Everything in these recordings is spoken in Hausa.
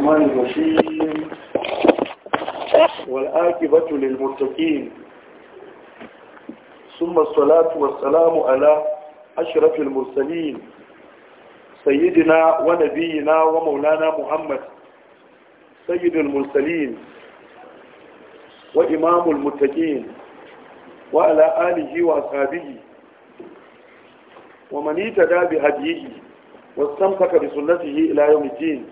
الرحمن الرحيم والآكبة للمتقين ثم الصلاة والسلام على أشرف المرسلين سيدنا ونبينا ومولانا محمد سيد المرسلين وإمام المتقين وعلى آله وأصحابه ومن اهتدى بهديه واستمسك بسنته إلى يوم الدين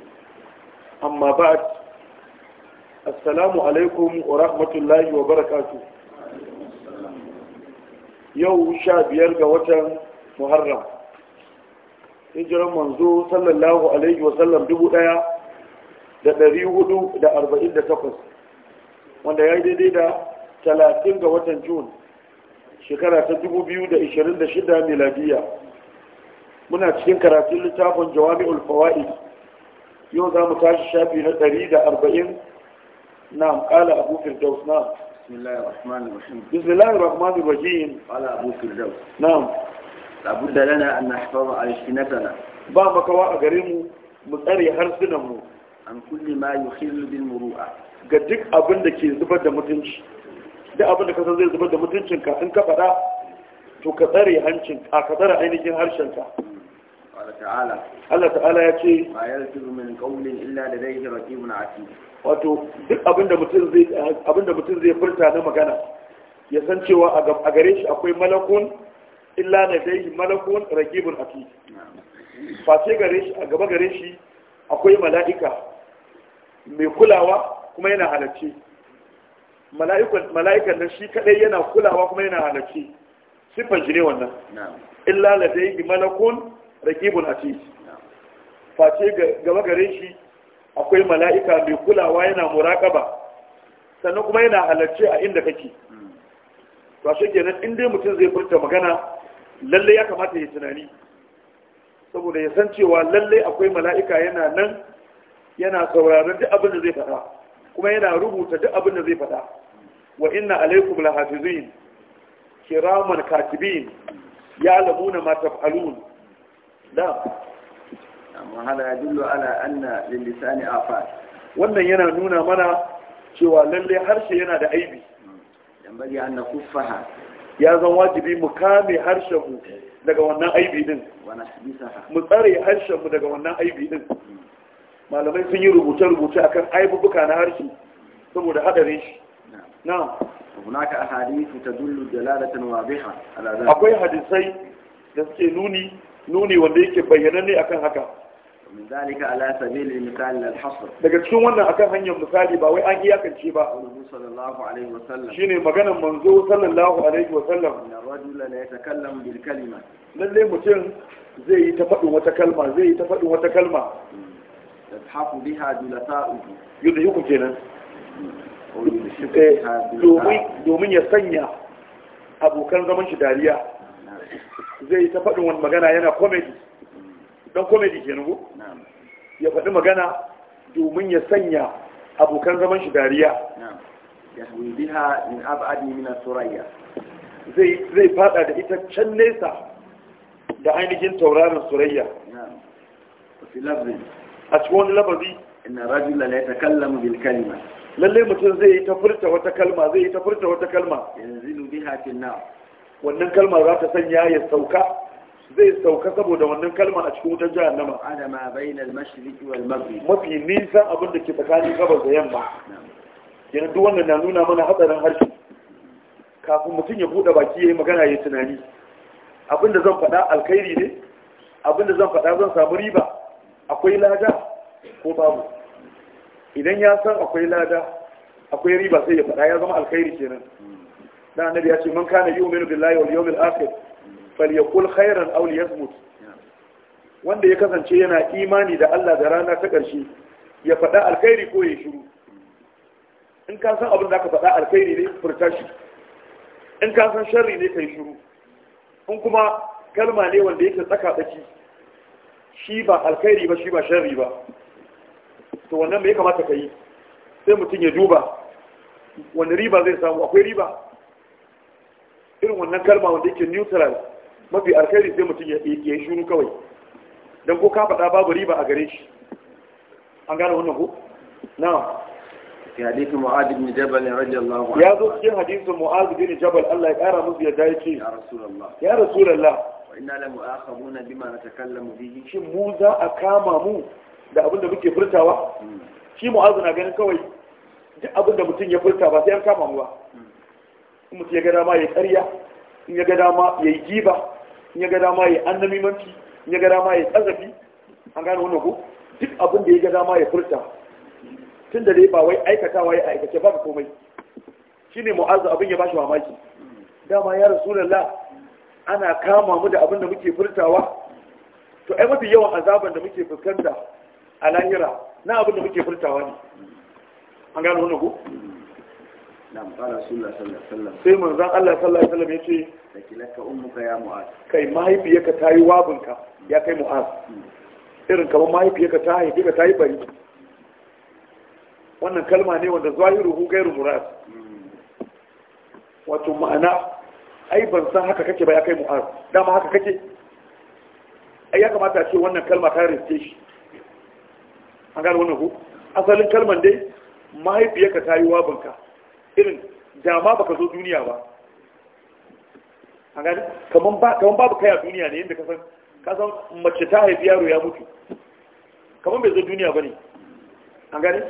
amma ba a ba'd assalamu alaikum wa rahmatullahi wa barakatu yau sha biyar ga watan muharram hijiran manzo sallallahu alaihi wa sallam dubu daya da dari hudu da arba'in da takwas wanda ya yi daidai da talatin ga watan jun shekara ta dubu biyu da ishirin da shida miladiya muna cikin karatun littafin jawami'ul fawa'id yau za mu tashi shafi na ɗari da arba'in na ƙala abu firdaus na bismillahir rahmanir rahim ƙala abu firdaus na abu da lana an nahfaza alsinatana ba makawa a gare mu mu tsare harsunan mu an kulli ma yukhillu bil muru'a ga duk abin da ke zubar da mutunci duk abin da ka san zai zubar da mutuncinka in ka faɗa to ka tsare hancin ka tsare ainihin harshenka Allah ta'ala ya ce ma yaltizu min kaunin illa rafi muna ake wato duk abin da abinda mutum zai furta na magana ya san cewa a gare shi akwai malakun illa yi malakun raqibun ake. face gare shi a gaba gare shi akwai mala'ika mai kulawa kuma yana halarci mala'ikan nan shi kadai yana kulawa kuma yana halarci siffar shi ne wannan illa yi malakun rakibul atis face gaba gare shi akwai mala'ika mai kulawa yana muraƙaba sannan kuma yana halarci a inda kake to shi kenan in dai mutum zai furta magana lallai ya kamata ya tunani saboda ya san cewa lallai akwai mala'ika yana nan yana sauraron duk abin da zai faɗa kuma yana rubuta duk abin da zai faɗa wa inna alaikum lahafizin kiraman katibin ya lamuna ma taf'alun da amma ya dillo ala anna lillisani afat wannan yana nuna mana cewa lalle harshe yana da aibi hmm. dan bari an na kuffaha ya zan wajibi mu kame harshen mu daga wannan aibi din mu tsare harshen mu daga wannan aibi din hmm. malamai sun yi rubuce-rubuce akan aibubuka na harshe saboda hadarin shi na'am hunaka ahadithu tadullu dalalatan wadiha ala akwai hadisai da suke nuni nuni wanda yake bayyananne akan haka daga cikin wannan akan hanyar misali ba wai an iyakance ba sallallahu alaihi wa sallam shine maganar manzo sallallahu alaihi wa sallam mutum zai yi ta faɗin wata kalma zai yi ta faɗin wata kalma kenan eh, domin ya sanya abokan zaman shi dariya zai yi ta faɗin wani magana yana komedi don komedi ke nugu ya faɗi magana domin ya sanya abokan zaman shi dariya zai fada da ita can nesa da ainihin taurarin surayya a cikin wani labazi Ina rajula lalai ta bil kalima Lallai mutum zai yi ta furta wata kalma zai yi ta furta wata kalma yanzilu biha fil nar wannan kalmar za ta sanya ya sauka zai sauka saboda wannan kalmar a cikin wutar jahannama adama bainal mashriqi wal maghrib mafi nisan abin da ke tsakanin gabas da yamma yana duk wannan na nuna mana hatsarin harshe kafin mutum ya bude baki yayi magana yayi tunani abin da zan faɗa alkhairi ne abin da zan faɗa zan samu riba akwai lada ko babu idan ya san akwai lada akwai riba sai ya faɗa ya zama alkhairi kenan da annabi ya ce man kana yu'minu billahi wal yawmil akhir falyakul khairan aw liyasmut wanda ya kasance yana imani da Allah da rana ta ƙarshe ya faɗa alkhairi ko ya shiru in ka san abin da ka faɗa alkhairi ne furta shi in ka san sharri ne kai shiru in kuma kalma ne wanda yake tsaka tsaki shi ba alkhairi ba shi ba sharri ba to wannan me ya kamata ka yi sai mutum ya duba wani riba zai samu akwai riba irin wannan kalma wanda yake neutral mafi alkhairi sai mutum ya yi shuru kawai don ko ka faɗa babu riba a gare shi an gane wannan ko na ya zo cikin hadisun mu'adu bin jabal allah ya ƙara musu ya معاذ ce ya الله يقرا مز يدايكي يا رسول الله يا رسول الله وإنا لمؤاخذون بما da abin da muke furtawa hmm. shi mu'adu na ganin kawai duk abin da mutum ya furta ba sai an kama mu ba in mutum ya ga dama ya karya in ya ga dama ya yi giba in ya ga dama ya annamimanci in ya ga dama ya tsazafi an gane wannan ko duk abin da ya ga dama ya furta tun da dai ba wai aikatawa ya aikace ba komai shine mu'azza abin ya bashi mamaki dama ya rasulullah ana kama mu da abin da muke furtawa to ai mafi yawan azaban da muke fuskanta a lahira na abin da muke furtawa ne an gano wannan ko sai manzan Allah sallallahu alaihi wasallam yace lakilaka ummuka ya mu'az kai mahaifiyarka ta yi wabinka ya kai mu'az hmm. irin kamar mahaifiyarka ta haifi ka ta yi bari wannan kalma ne wanda zahiruhu gairu murad hmm. wato ma'ana ai ban san haka kake ba ya kai mu'az dama haka kake ai ya kamata a ce wannan kalma ta rinse shi an gane wannan ku asalin kalman dai mahaifiyarka ta yi wabinka irin dama baka zo duniya ba an gani kaman babu kaya a duniya ne yadda kasan kasan mace ta haifi yaro ya mutu kaman bai zo duniya ba ne an gani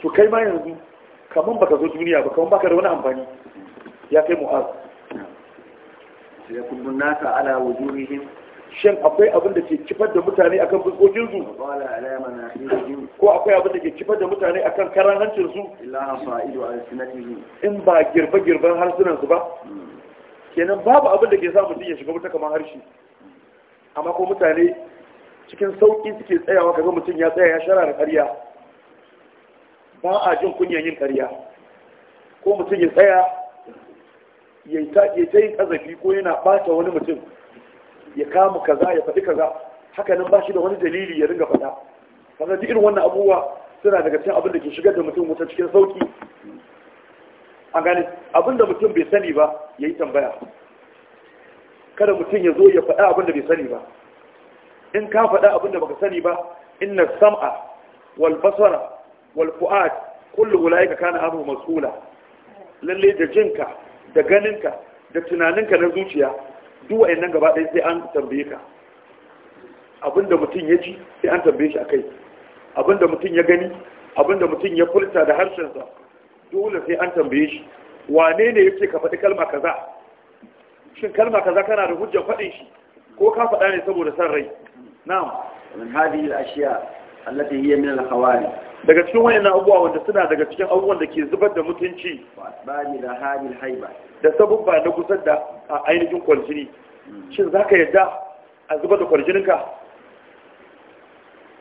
su kai ma yanzu kaman baka zo duniya ba kaman baka da wani amfani ya kai mu'azu ya kullu nasa ala wujuhihim shin akwai abin da ke kifar da mutane akan fuskokin su ko akwai abin da ke kifar da mutane akan karan hancin in ba girba girban harsunan ba kenan babu abin da ke sa mutum ya shiga wuta kamar harshe amma ko mutane cikin sauƙi suke tsayawa kaga mutum ya tsaya ya shara da ƙarya ba a jin kunyan yin ƙarya ko mutum ya tsaya ya ta yi ƙazafi ko yana ɓata wani mutum ya kama kaza ya faɗi kaza haka nan ba shi da wani dalili ya ringa faɗa kaga duk irin wannan abubuwa suna daga cikin abin da ke shigar da mutum wuta cikin sauki a gani abin da mutum bai sani ba ya yi tambaya kada mutum ya zo ya faɗa abin da bai sani ba in ka faɗa abin da baka sani ba in na sam'a wal basara wal fu'ad kullu ulaika kana abu mas'ula lalle da jinka da ganinka da tunaninka na zuciya duk nan gaba ɗaya sai an tambaye ka abinda mutum ya ji sai an tambaye shi a kai. abinda mutum ya gani abinda mutum ya furta da harshensa dole sai an tambaye shi wane ne yake ka faɗi kalma kaza shin kalma kaza kana da hujjar faɗin shi ko ka faɗa ne saboda son rai na'am min hadhihi al allati hiya min al-khawari daga cikin wannan abubuwa wanda suna daga cikin abubuwan da ke zubar da mutunci ba ni da hadil haiba da sabubba na gusar da ainihin kwaljini hmm. shin zaka yadda a zubar da kwarjininka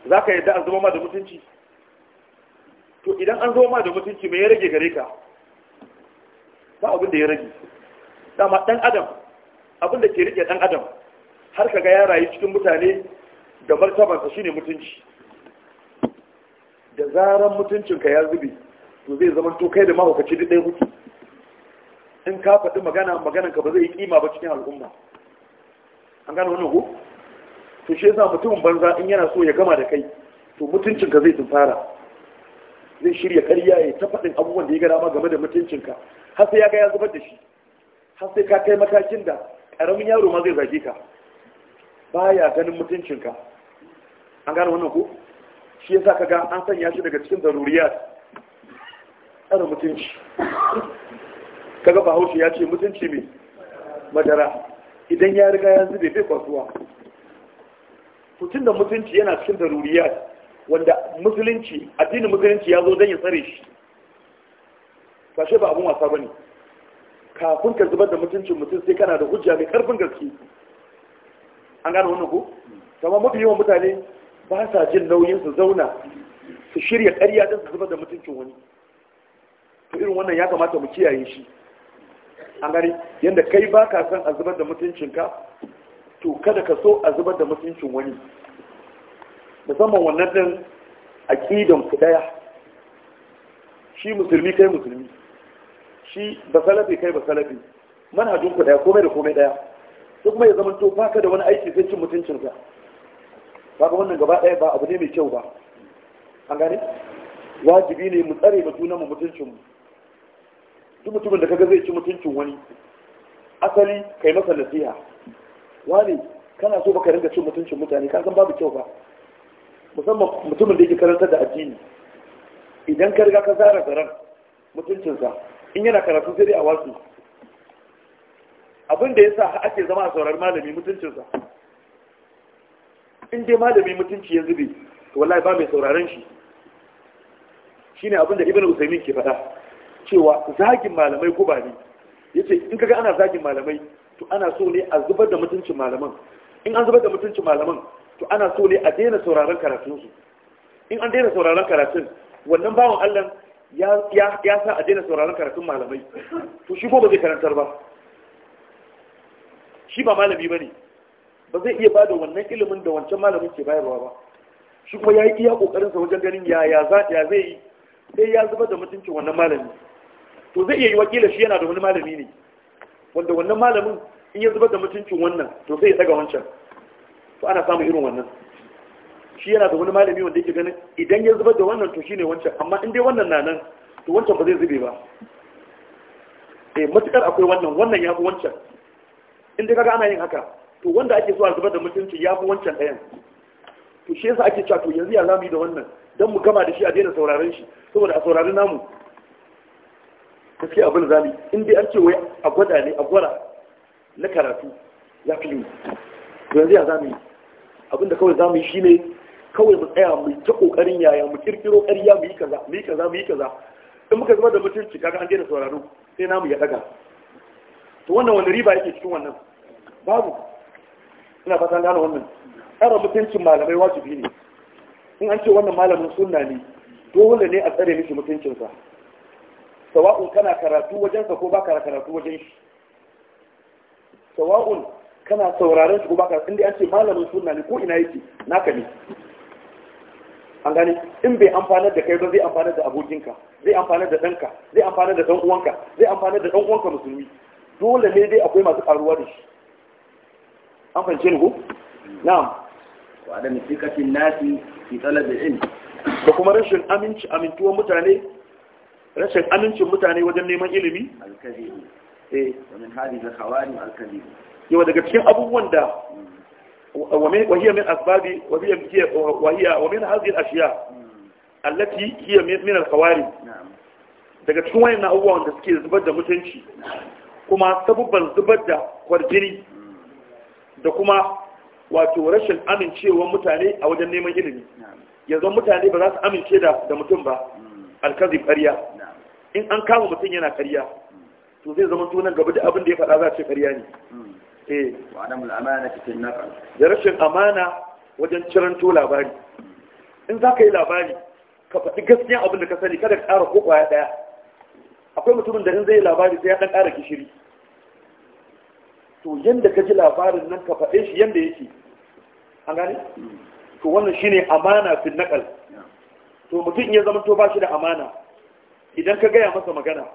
zaka yadda a zubar ma da mutunci to idan an zo ma da mutunci mai ya rage gare ka ba abin da ya rage dama dan adam abin da ke rike dan adam har kaga ya rayu cikin mutane da martabarsa shine mutunci da zaran mutuncinka ya zube to zai zama to kai da mahaukaci duk ɗaya kuke in ka faɗi magana maganan ka ba zai yi kima ba cikin al'umma an gane wannan ko to shi yasa mutumin banza in yana so ya gama da kai to mutuncinka zai tunfara zai shirya karya ya ta faɗin abubuwan da ya gada ma game da mutuncinka har sai ya ga ya zubar da shi har sai ka kai matakin da ƙaramin yaro ma zai zage ka baya ganin mutuncinka an gane wannan ko shi yasa kaga an sanya shi daga cikin daruriyat tsara mutunci kaga bahaushe ya ce mutunci mai madara idan ya riga ya zube bai kwasuwa tutun da mutunci yana cikin daruriyat wanda musulunci addinin musulunci ya zo don ya tsare shi kashe ba abin wasa ne. kafin ka zubar da mutuncin mutum sai kana da hujja mai karfin gaske an gane wannan ko kama mafi yawan mutane ba sa jin nauyin su zauna su shirya ƙarya don su zuba da mutuncin wani to irin wannan ya kamata mu kiyaye shi a gani yadda kai ba ka san a zubar da mutuncinka to kada ka so a zubar da mutuncin wani musamman wannan a ƙidan ku ɗaya, shi musulmi kai musulmi shi basalafi kai basalafi manhajin ku ɗaya komai da komai daya duk mai zaman to ka da wani aiki sai cin mutuncinka kaga wannan gaba ɗaya ba abu ne mai kyau ba an gane wajibi ne mu tsare ba junanmu mutuncinmu duk mutumin da kaga zai ci mutuncin wani asali kai masa nasiha wani kana so baka ringa cin mutuncin mutane ka san babu kyau ba musamman mutumin da yake karanta da addini idan ka riga ka zara zaran mutuncinsa in yana karatu sai dai a wasu abin da yasa ake zama a saurari malami mutuncinsa in dai malami mutunci ya zube to wallahi ba mai sauraron shi shine abin da ibnu usaymin ke faɗa cewa zagin malamai guba ne yace in kaga ana zagin malamai to ana so ne a zubar da mutuncin malaman in an zubar da mutuncin malaman to ana so ne a daina sauraron karatunsu in an daina sauraron karatun wannan bawan Allah ya sa a daina sauraron karatun malamai to shi ko ba zai karantar ba shi ba malami ba ne ba zai iya bada wannan ilimin da wancan malamin ke bayarwa ba shi kuma ya yi iya kokarin sa wajen ganin ya zai yi sai ya zuba da mutuncin wannan malami to zai iya yi wakila shi yana da wani malami ne wanda wannan malamin in ya zuba da mutuncin wannan to sai ya daga wancan to ana samun irin wannan shi yana da wani malami wanda yake ganin idan ya zuba da wannan to shine wancan amma in dai wannan na nan to wancan ba zai zube ba eh matukar akwai wannan wannan ya fi wancan in dai kaga ana yin haka to wanda ake zuwa zubar da mutunci ya fi wancan ɗayan to shi yasa ake cewa to yanzu ya zamu yi da wannan don mu gama da shi a daina sauraron shi saboda a saurari namu gaskiya abin zali in dai an ce wai a gwada ne a gwara na karatu ya fi yi To yanzu ya zamu yi abinda kawai zamu yi shine kawai mu tsaya mu ta kokarin yaya mu kirkiro ƙarya mu yi kaza mu yi kaza mu yi kaza in muka zama da mutunci kaga an daina sauraro sai namu ya daga to wannan wani riba yake cikin wannan babu ina fatan gane wannan tsara mutuncin malamai wajibi ne in an ce wannan malamin sunna ne dole ne a tsare mishi mutuncinsa sawa'un kana karatu wajensa ko ba karatu wajen shi sawa'un kana sauraron shi ko ba karatu inda an ce malamin sunna ne ko ina yake naka ne an gane in bai amfanar da kai ba zai amfanar da abokinka zai amfanar da ɗanka zai amfanar da ɗan uwanka zai amfanar da ɗan uwanka musulmi dole ne dai akwai masu karuwa da shi an fahimce ni ko na'am wa da mutikatin nasi fi talabil ilm da kuma rashin aminci amintuwar mutane rashin amincin mutane wajen neman ilimi Alkali. eh wa min hadhihi al-khawari al-kazi yawa daga cikin abubuwan da وهي من أسباب وهي وهي ashiya, هذه الأشياء التي هي من الخوارج daga cikin wayan abubuwan wanda suke zubar da mutunci kuma sabubban zubar da kwarjini da kuma wato rashin amincewa mutane a wajen neman ilimi yanzu mutane ba za su amince da mutum ba alkazi karya in an kama mutum yana karya to zai zama tunan gaba da abin da ya faɗa za a ce karya ne eh. da rashin amana wajen ciranto labari in za ka yi labari ka faɗi gaskiya abin da ka sani kada ka ƙara ko ƙwaya ɗaya akwai mutumin da in zai yi labari sai ya ɗan ƙara gishiri to yadda ka ji labarin nan ka faɗe shi yadda yake an gane to wannan shine amana fi naƙal to mutum ya zama to ba shi da amana idan ka gaya masa magana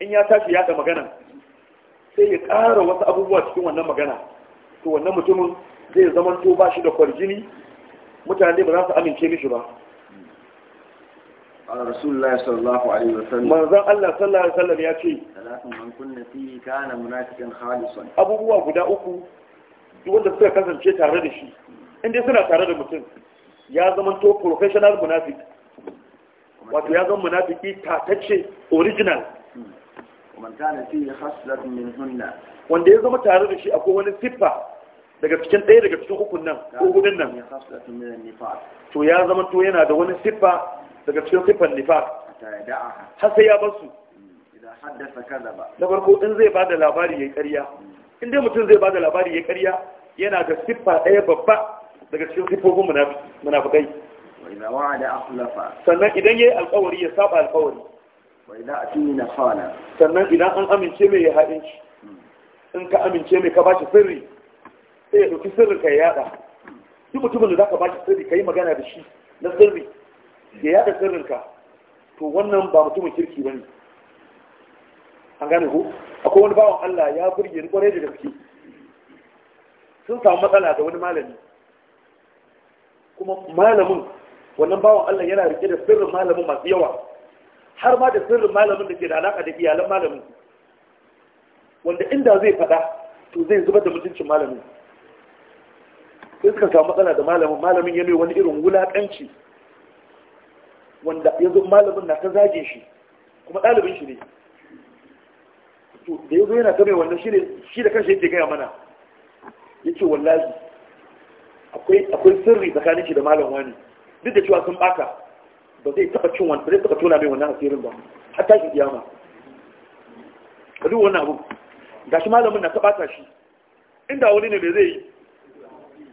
in ya tashi ya da magana sai ya ƙara wasu abubuwa cikin wannan magana to wannan mutumin zai zama to ba shi da kwarjini mutane ba za su amince mishi ba Rasulullah sallallahu alaihi wasallam manzon Allah sallallahu alaihi ya ce abubuwa guda uku wanda suka kasance tare da shi inda suna tare da mutum ya zama to professional munafik wato ya zama munafiki tatacce original man min hunna wanda ya zama tare da shi akwai wani siffa daga cikin ɗaya daga cikin ukun nan ko hudun nan to ya zama to yana da wani siffa daga cikin sifan nifaq har sai ya basu mm. na farko in zai ba da labari ya karya mm. in dai mutum zai ba da labari ya karya yana da siffa ɗaya babba daga cikin siffofin munafukai sannan idan ya yi alkawari ya saba alkawari sannan idan an amince mai ya shi mm. in ka amince mai ka ba shi sirri sai ya ɗauki sirri ka ya yada duk mutumin da za ka ba shi sirri ka yi magana da shi na sirri ya yada sirrinka to wannan ba mutumin kirki ba ne an gane ko akwai wani bawan Allah ya burge ni kwarai da gaske sun samu matsala da wani malami kuma malamin wannan bawan Allah yana rike da sirrin malamin masu yawa har ma da sirrin malamin da ke da alaka da iyalan malamin wanda inda zai faɗa to zai zubar da mutuncin malamin sai suka samu matsala da malamin malamin ya nuna wani irin wulaƙanci wanda ya zo malamin na ta zage shi kuma ɗalibin shi ne da ya zo yana ta mai wannan shi ne, shi da kanshi yake gaya mana ya ce wallahi akwai sirri tsakanin shi da malam wani duk da cewa sun baka ba zai taba cin wani ba zai taba tona mai wannan asirin ba har tashi kiyama ka duk wannan abu ga shi malamin na taɓata shi inda wani ne mai zai yi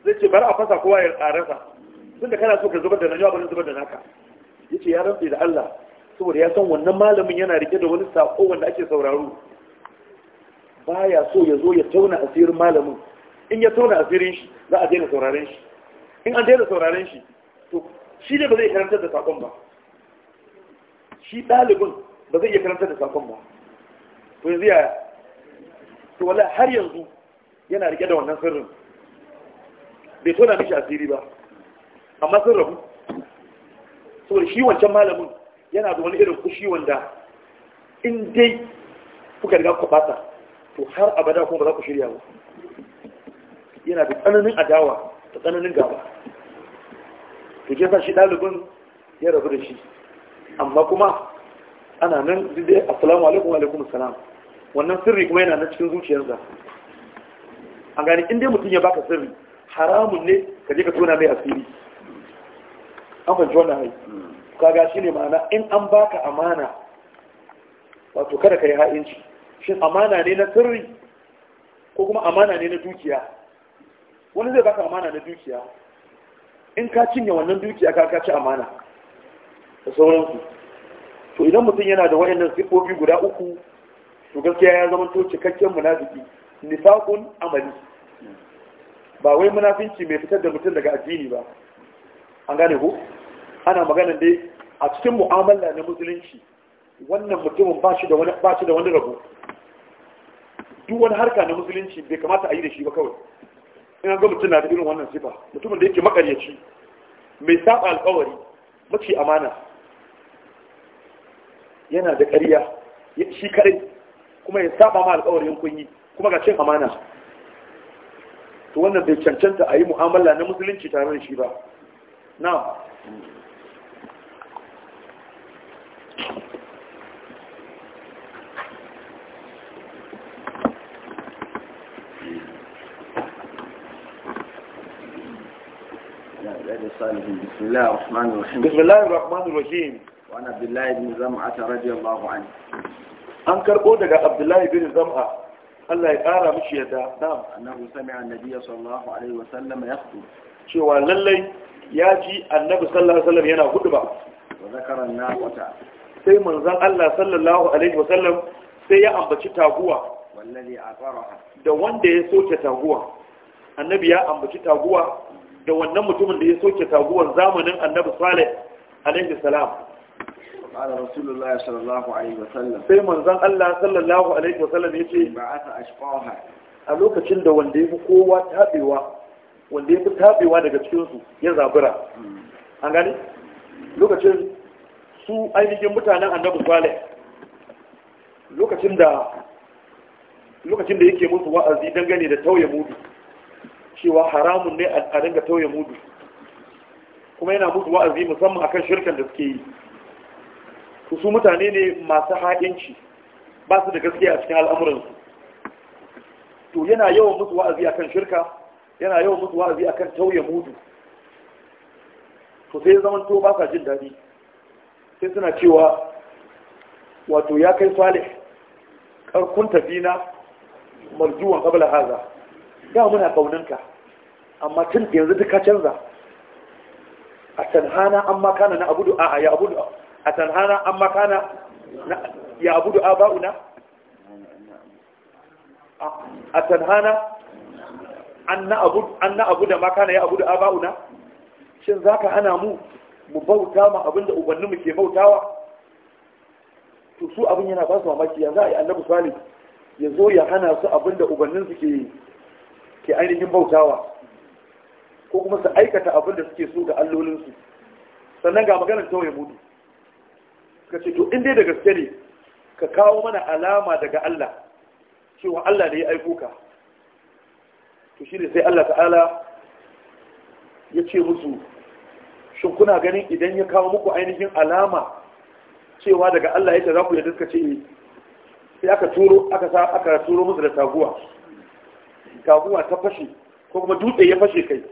zai ce bari a fasa kowa ya rasa da kana so ka zubar da na yawa ba zubar da naka yace ya rantsa da Allah saboda ya san wannan malamin yana rike da wani sako wanda ake sauraro baya so ya zo ya tauna asirin malamin in ya tauna asirin shi za a daina sauraren shi in an daina sauraren shi to shi ne ba zai karantar da sakon ba shi ɗalibin ba zai iya karantar da sakon ba to yanzu yaya to wala har yanzu yana rike da wannan sirrin bai tona mishi asiri ba amma sun rabu saboda shi wancan malamin yana da wani irin kushi wanda in dai kuka riga ku fasa to har abada kuma ba za ku shirya ba yana da tsananin adawa da tsananin gaba to ke sa shi ɗalibin ya rabu da shi amma kuma ana nan dai assalamu alaikum wa alaikum assalam wannan sirri kuma yana nan cikin zuciyarsa an gani in dai mutum ya baka sirri haramun ne ka je ka tona mai asiri an fahimci wannan hai kaga shi ne ma'ana in an baka amana wato kada ka yi ha'inci shin amana ne na sirri ko kuma amana ne na dukiya wani zai baka amana na dukiya in ka cinye wannan dukiya ka ci amana da sauransu to idan mutum yana da wayannan sifofi guda uku to gaskiya ya zama to cikakken munafiki nifaqun amali ba wai munafinci mai fitar da mutum daga addini ba an gane ko ana magana dai a cikin mu'amala na musulunci wannan mutumin ba shi da wani ba shi da wani rabo duk wani harka na musulunci bai kamata a yi da shi ba kawai ina ga mutum na da irin wannan sifa mutumin da yake makaryaci mai saba alkawari mace amana yana da ƙarya shi kadai kuma ya saba ma alkawarin kunyi kuma ga cin amana to wannan bai cancanta a yi mu'amala na musulunci tare da shi ba na الصالحين بسم الله الرحمن الرحيم بسم الله الرحمن الرحيم وعن عبد الله بن زمعة رضي الله عنه أنكر قودك عبد الله بن زمعة Allah ya ƙara mishi yadda na'am annahu sami'a annabiyya sallallahu alaihi wa cewa lallai ya ji annabi sallallahu yana hudu ba wa zakara naqata sai manzon Allah sallallahu alaihi wa sallam sai ya ambaci taguwa wallazi aqaraha da wanda ya soke taguwa annabi ya ambaci taguwa da wannan mutumin da ya soke taguwar zamanin annabi salih alaihi salam qala rasulullahi sallallahu alaihi wasallam sai manzon Allah sallallahu alaihi wasallam yace ba'atha ashqaha a lokacin da wanda yafi kowa tabewa wanda yafi tabewa daga cikin su ya zabura hmm. an gani lokacin su ainihin mutanen annabi salih lokacin da lokacin da yake musu wa'azi dangane da tauye mutu cewa haramun ne a dinga tauye mudu kuma yana mutu wa'azi musamman akan shirkan da suke yi to su mutane ne masu haɗinci ba su da gaskiya a cikin al'amuransu to yana yawan mutu wa'azi akan shirka yana yawan mutu wa'azi akan tauye mudu to sai zaman to ba sa jin daɗi sai suna cewa wato ya kai salih karkun na, marjuwan qabla haza ya muna kaunanka amma tun yanzu duka canza a tanhana an makana na abudu a ya abudu a tanhana an makana ya abudu a ba'una a tanhana an na abu da makana ya abudu a ba'una shin za ka hana mu mu bauta ma abinda ubanninmu ke bautawa to su abin yana ba su mamaki yanzu a yi annabi salih ya zo ya hana su abinda ubanninsu ke yi suke ainihin bautawa ko kuma su aikata abin da suke so ga allolinsu sannan ga maganar waye mudu suka ce to in dai da gaske ne ka kawo mana alama daga Allah cewa Allah ne ya aiko ka to shi ne sai Allah ta'ala ya ce musu shin kuna ganin idan ya kawo muku ainihin alama cewa daga Allah ya ce za ku yadda suka ce eh. sai aka turo aka aka turo musu da taguwa taguwa ta fashe ko kuma dutse ya fashe kai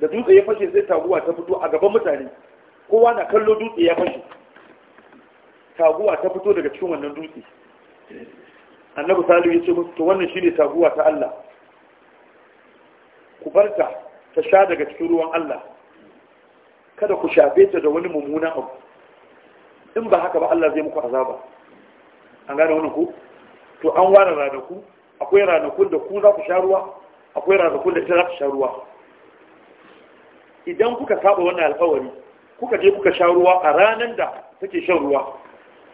da dutse ya fashe sai taguwa ta fito a gaban mutane kowa na kallo dutse ya fashe taguwa ta fito daga cikin wannan dutse annabi salihu ya ce to wannan shine taguwa ta Allah ku barta ta sha daga cikin ruwan Allah kada ku shafe ta da wani mummunan abu in ba haka ba Allah zai muku azaba an gane wannan ku to an ware ranaku akwai ranakun da ku za ku sha ruwa akwai ranakun da ta za ku sha ruwa idan kuka saba wannan alkawari kuka je kuka sha ruwa a ranar da take shan ruwa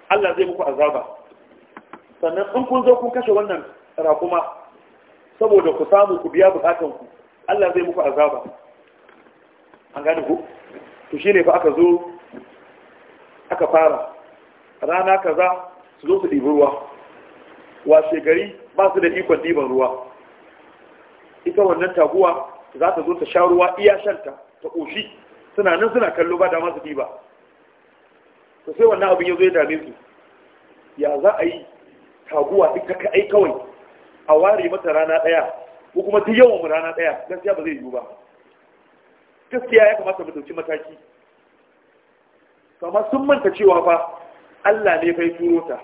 Allah zai muku azaba sannan in kun zo kun kashe wannan rakuma saboda ku samu ku biya bukatan ku Allah zai muku azaba an gane ku to shine fa aka zo aka fara rana kaza su zo su ɗibi ruwa washe gari ba su da ikon ɗiban ruwa ita wannan taguwa za ta zo ta sha ruwa iya shanta ta ƙoshi suna nan suna kallo ba da masu ɗiba to sai wannan abin ya zo ya dame su ya za a yi taguwa duk ka kawai a ware mata rana ɗaya ko kuma ta yawan mu rana ɗaya gaskiya ba zai yiwu ba gaskiya ya kamata mu ɗauki mataki kama sun manta cewa fa Allah ne fai turo ta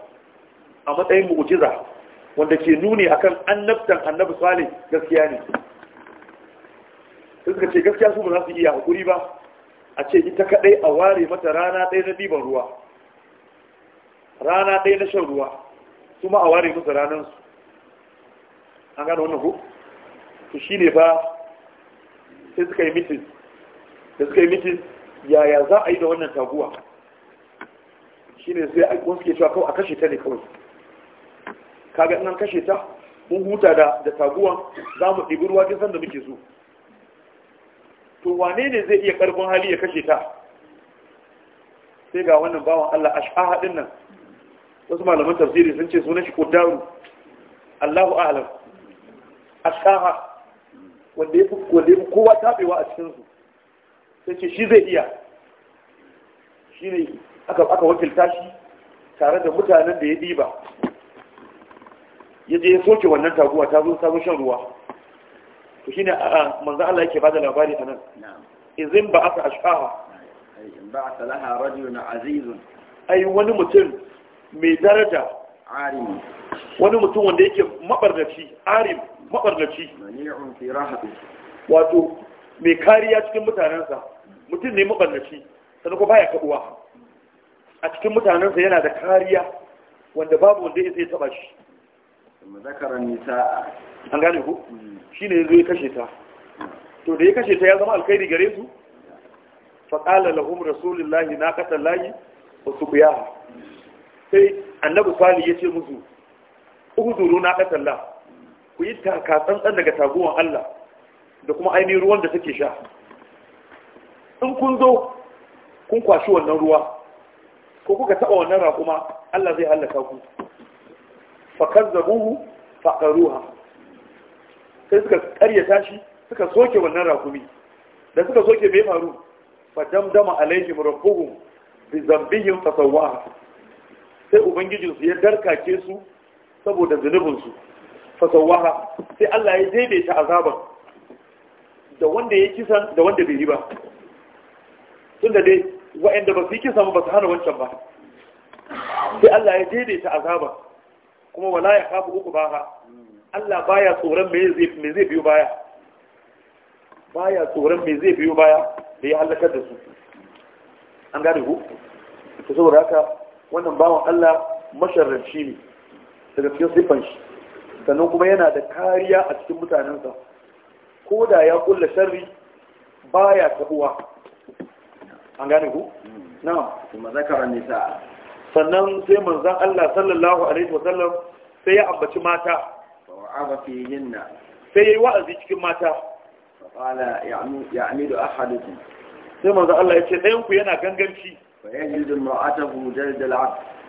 a matsayin mu'jiza wanda ke nuni akan annabtan annabi salih gaskiya ne suka ce gaskiya su ba za su iya hakuri ba a ce ita kadai a ware mata rana ɗaya na ɗiban ruwa rana ɗaya na shan ruwa su ma a ware musu ranansu an gano wannan ku to shi ne ba sai suka yi mitin da suka yi mitin yaya za a yi da wannan taguwa shi ne sai wasu ke cewa kawai a kashe ta ne kawai kaga in an kashe ta mun huta da da taguwan za mu ɗibi ruwa san da muke so to wane ne zai iya ƙarfin hali ya kashe ta sai ga wannan bawan Allah ash'aha din nan wasu malaman tafsiri sun ce sunan shi kudaru Allahu a'lam ash'aha wanda ya fi kowa tabewa a cikin su sai ce shi zai iya shi ne aka wakilta shi tare da mutanen da ya diba ya ya soke wannan taguwa ta zo sabon shan ruwa to shi ne a manzan Allah yake bada labari a nan. izin ba aka ashqaha in ba salaha na azizun ai wani mutum mai daraja arim wani mutum wanda yake mabarnaci arim mabarnaci mani'un fi wato mai kariya cikin mutanensa mutum ne mabarnaci sannan ko baya kaduwa a cikin mutanensa yana da kariya wanda babu wanda ya taba shi an gane ku hmm. shi ne zai kashe ta to da ya kashe ta ya zama alkhairi gare su faƙala lahum rasulullahi na ƙasar layi ba su sai annabi sali ya ce musu uhuduru na ƙasar la ku yi takatsantsan daga taguwan allah da kuma ainihin ruwan da take sha in kun zo kun kwashi wannan ruwa ko kuka taɓa wannan raƙuma allah zai hallaka ku fakazzabuhu faqaruha sai suka ƙarya tashi suka soke wannan rakumi da suka soke bai faru fa damdama alaihim rabbuhum bi zambihim fasawwaha sai ubangijinsu ya darkake su saboda zunubinsu fasawaha sai Allah ya daidaita azaban da wanda ya kisan da wanda bai yi ba tunda dai wa'anda ba su yi kisan ba su hana wancan ba sai Allah ya daidaita azaban kuma wala ya kafa uku ba Allah baya tsoron me zai biyo baya baya tsoron me zai biyo baya da ya halakar da su an gane ku ta saboda haka wannan bawan Allah masharranci ne daga cikin siffan shi sannan kuma yana da kariya a cikin mutanensa ko da ya kulla sharri baya tabuwa an gane ku hmm. na'am kuma zakara nisa sannan sai manzan Allah sallallahu alaihi wasallam sai ya ambaci mata sai ya yi wa'azi cikin mata sai manzan Allah ya ce ɗayanku yana ganganci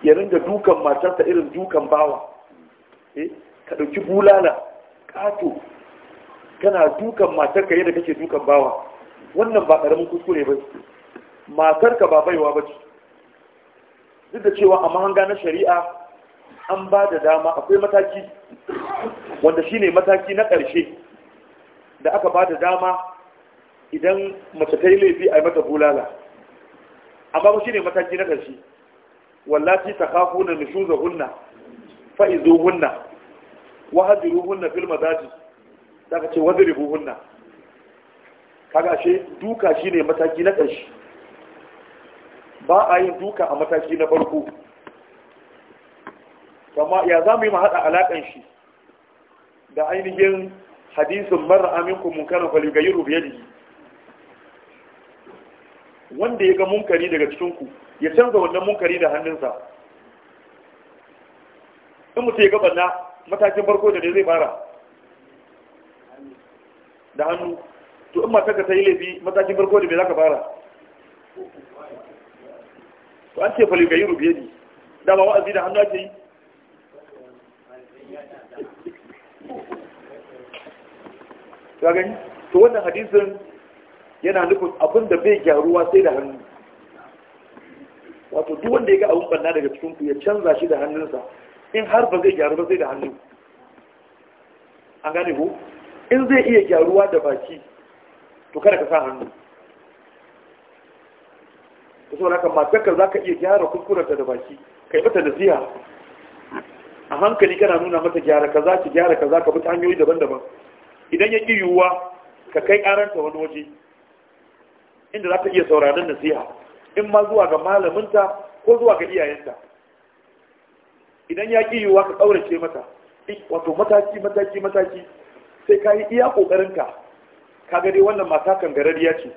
ya ringa dukan matarsa irin dukan bawa eh, ka ɗauki bulala ƙato kana dukan matarka yadda kake dukan bawa wannan ba ƙaramin kuskure ba matarka ba baiwa ba ce duk da cewa a mahanga na shari'a an ba da dama akwai mataki wanda shi ne mataki na ƙarshe da aka ba da dama idan mace ta yi laifi a yi mata bulala amma ba ne mataki na ƙarshe wallafi ta kafu na ga hunna fa'izo hunna wahadiru hunna filma mazaji ta ka ce waziribu hunna kaga ashe duka shi ne mataki na ƙarshe ba a yin duka a mataki na farko kuma ya za mu yi mahaɗa alaƙan shi da ainihin hadisin mara aminku munkarin faligayiru biya yi. wanda ya ga munkari daga cikinku ya canza wannan munkari da hannunsa in mutu ya ga banna matakin farko da ne zai fara da hannu to in mataka ta yi laifi matakin farko da me za ka fara to an ce falika yi rubiye ne da ba wa'azi da hannu ake yi ta gani to wannan hadisun yana nufin abin da bai gyaruwa sai da hannu wato duk wanda ya ga abin banna daga cikin ku ya canza shi da hannunsa in har ba zai gyaru ba sai da hannu an gane ko in zai iya gyaruwa da baki to kada ka sa hannu da saboda haka matakar za ka iya gyara kuskurenta da baki kai mata nasiha a hankali kana nuna mata gyara kaza ki gyara kaza ka bi hanyoyi daban-daban idan ya ƙi yiwuwa ka kai ƙaranta wani waje inda za ka iya sauraron siya, in ma zuwa ga malaminta ko zuwa ga iyayenta idan ya ƙi yiwuwa ka ƙaurace mata wato mataki mataki mataki sai ka yi iya ƙoƙarinka ka gani wannan mata kan garariya ce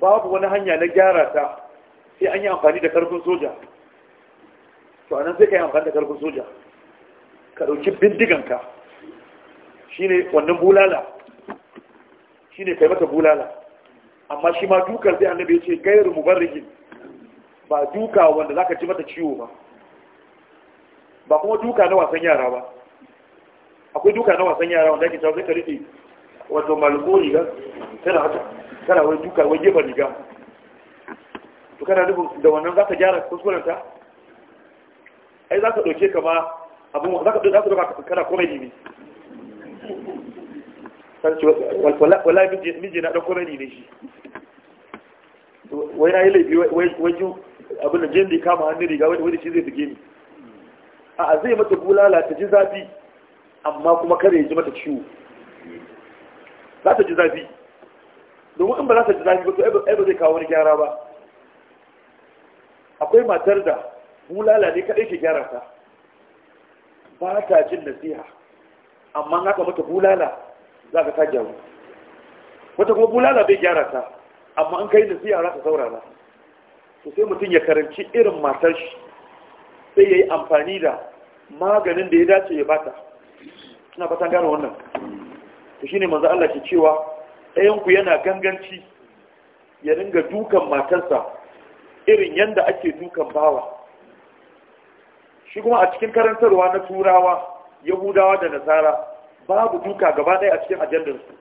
babu wani hanya na gyara ta sai an yi amfani da karfin soja to anan sai ka yi amfani da karfin soja ka ɗauki bindiganka shine wannan bulala shine kai mata bulala amma shi ma dukar sai annabi ya ce gairu mubarrihin ba duka wanda zaka ji mata ciwo ba ba kuma duka na wasan yara ba akwai duka na wasan yara wanda ake cewa sai ka rike wato malkori ga tana haka kana wani duka wani gefa riga to kana nufin da wannan za ka gyara ta ai za ka ɗauke kama abin za ka ɗauka kana komedi ne wala miji na ɗan komedi ne shi wai na yi laifi wajen abin da jen da kama hannun riga wani shi zai buge ni a zai mata bulala ta ji zafi amma kuma kare ya ji mata ciwo za ta ji zafi domin in ba za ta ji zafi ba to ai ba zai kawo wani gyara ba akwai matar da bulala ne kaɗai ke gyara ta ba ta jin nasiha amma haka mata bulala za ka ta gyaru wata kuma bulala bai gyara ta amma an kai nasiha za ka saurara to sai mutum ya karanci irin matar shi sai ya yi amfani da maganin da ya dace ya bata suna fatan gano wannan to shine manzo Allah ke cewa ɗayanku yana ganganci ya ringa dukan matarsa irin yadda ake dukan bawa shi kuma a cikin karantarwa na turawa yahudawa da nasara babu duka gaba ɗaya a cikin ajandarsu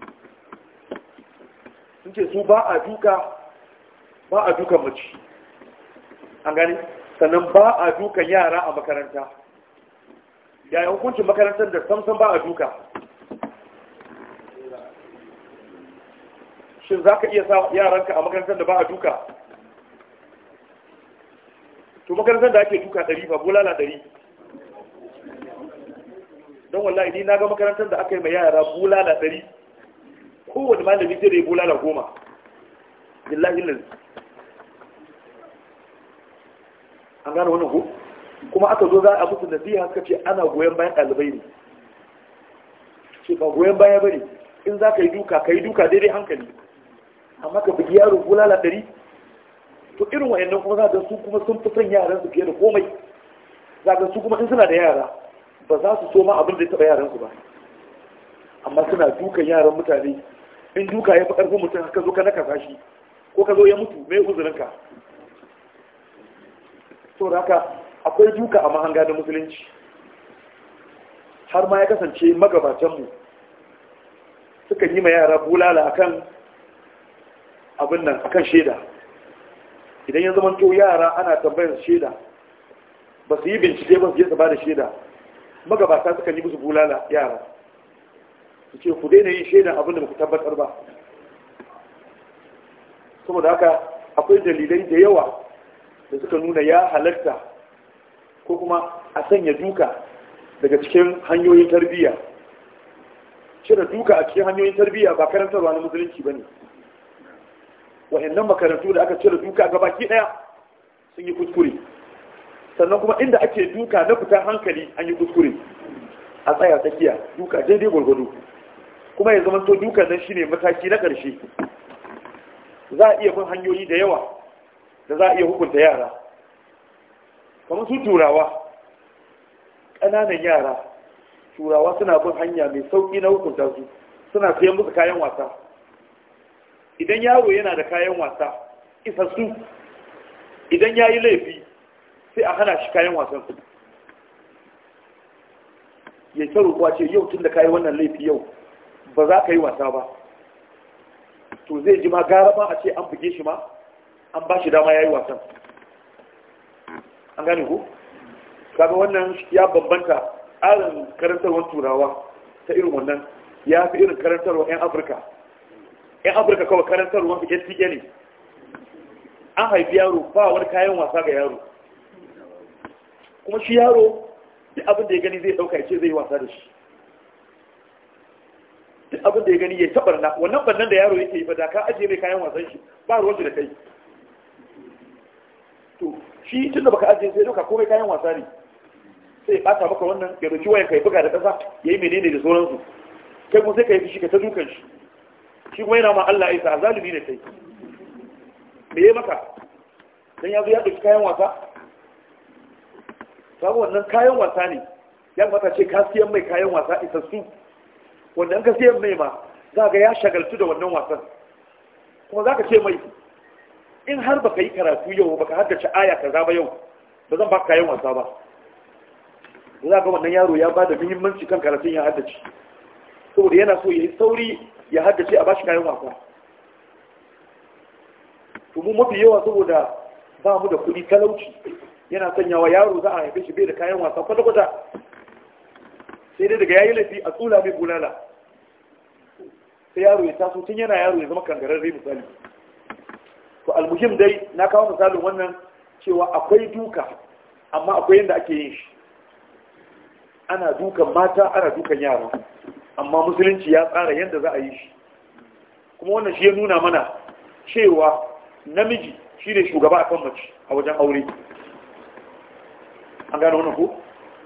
sun ce su ba a duka ba a duka mace an gani sannan ba a dukan yara a makaranta yayin hukuncin makarantar da samsan ba a duka shin za ka iya sa yaranka a makarantar da ba a duka to makarantar da ake duka dari ba bulala dari. don wallahi ni na ga makarantar da aka yi ma yara bulala dari, kowane malami zai da ya bulala goma billahi lil an gane wannan ku? kuma aka zo za a da zai suka ce ana goyon bayan ɗalibai ne ce ba goyon baya bane in za ka yi duka ka yi duka daidai hankali amma ka bugi yaro bulala ɗari to irin wa'annan kuma za su kuma sun fi son yaran su fiye da komai za su kuma in suna da yara ba za su so ma abin da ya taba yaran su ba amma suna dukan yaran mutane in duka ya fi karfin mutum ka zo ka nakasa shi ko ka zo ya mutu mai uzurinka da haka akwai duka a mahanga da musulunci har ma ya kasance magabatanmu sukan yi ma yara bulala akan abin nan akan shaida idan ya zama yara ana tambayar shaida ba su yi bincike ba su yi su ba da shaida magabata suka yi musu bulala yara su ce ku daina yin shaida abin da muku tabbatar ba saboda haka akwai dalilai da yawa da suka nuna ya halatta ko kuma a sanya duka daga cikin hanyoyin tarbiyya cire duka a cikin hanyoyin tarbiyya ba karantarwa na musulunci ba ne wa'annan makarantu da aka cire duka ga baki daya sun yi kuskure sannan kuma inda ake duka na fitar hankali an yi kuskure a tsaya tsakiya duka daidai gwargwado kuma ya zama to duka nan shine mataki na ƙarshe za a iya bin hanyoyi da yawa da za a iya hukunta yara kamar su turawa ƙananan yara turawa suna bin hanya mai sauƙi na hukunta su suna siyan musu kayan wasa idan yaro yana da kayan wasa isassu idan ya yi laifi sai a hana shi kayan wasan su ya ce rukuwa ce yau tun da kayi wannan laifi yau ba za ka yi wasa ba to zai ji ma gara ma a ce an buge shi ma an ba shi dama ya yi wasan an gane ku? kaga wannan ya bambanta tsarin karantarwar turawa ta irin wannan ya fi irin karantarwar 'yan afirka yan afirka kawai karantar ruwan fiye tike ne an haifi yaro ba wani kayan wasa ga yaro kuma shi yaro duk abin da ya gani zai dauka ce zai wasa da shi duk abin da ya gani ya taɓar na wannan bannan da yaro yake yi ba da ka ajiye mai kayan wasan shi ba ruwan da kai to shi tun da baka ajiye sai dauka komai kayan wasa ne sai bata maka wannan ya dauki wayan kai buga da ƙasa ya yi menene da sauransu kai kuma sai ka yi fushi ka ta dukan shi shi kuma yana ma Allah isa a zalimi ne kai me ya maka dan ya zo ya ɗauki kayan wasa sabu wannan kayan wasa ne ya mata ce ka siyan mai kayan wasa isassu su wannan ka siyan mai ma za ga ya shagaltu da wannan wasan kuma za ka ce mai in har baka yi karatu yau baka haddace aya ka zaba yau ba zan baka kayan wasa ba za ga wannan yaro ya ba da muhimmanci kan karatun ya haddace saboda yana so ya yi sauri ya haddace a ba bashi kayan wasa tumu mafi yawa saboda ba mu da kuɗi talauci yana sanyawa yaro za a haife shi bai da kayan wasa kwata-kwata sai dai daga yayi laifi a tsula mai bulala sai yaro ya taso tun yana yaro ya zama rai misali to almuhim dai na kawo misalin wannan cewa akwai duka amma akwai yadda ake yin shi ana dukan mata ana dukan yara amma musulunci ya tsara yadda za a yi shi kuma wannan shi ya nuna mana cewa namiji shi ne shugaba a kan mace a wajen aure an gano wannan ko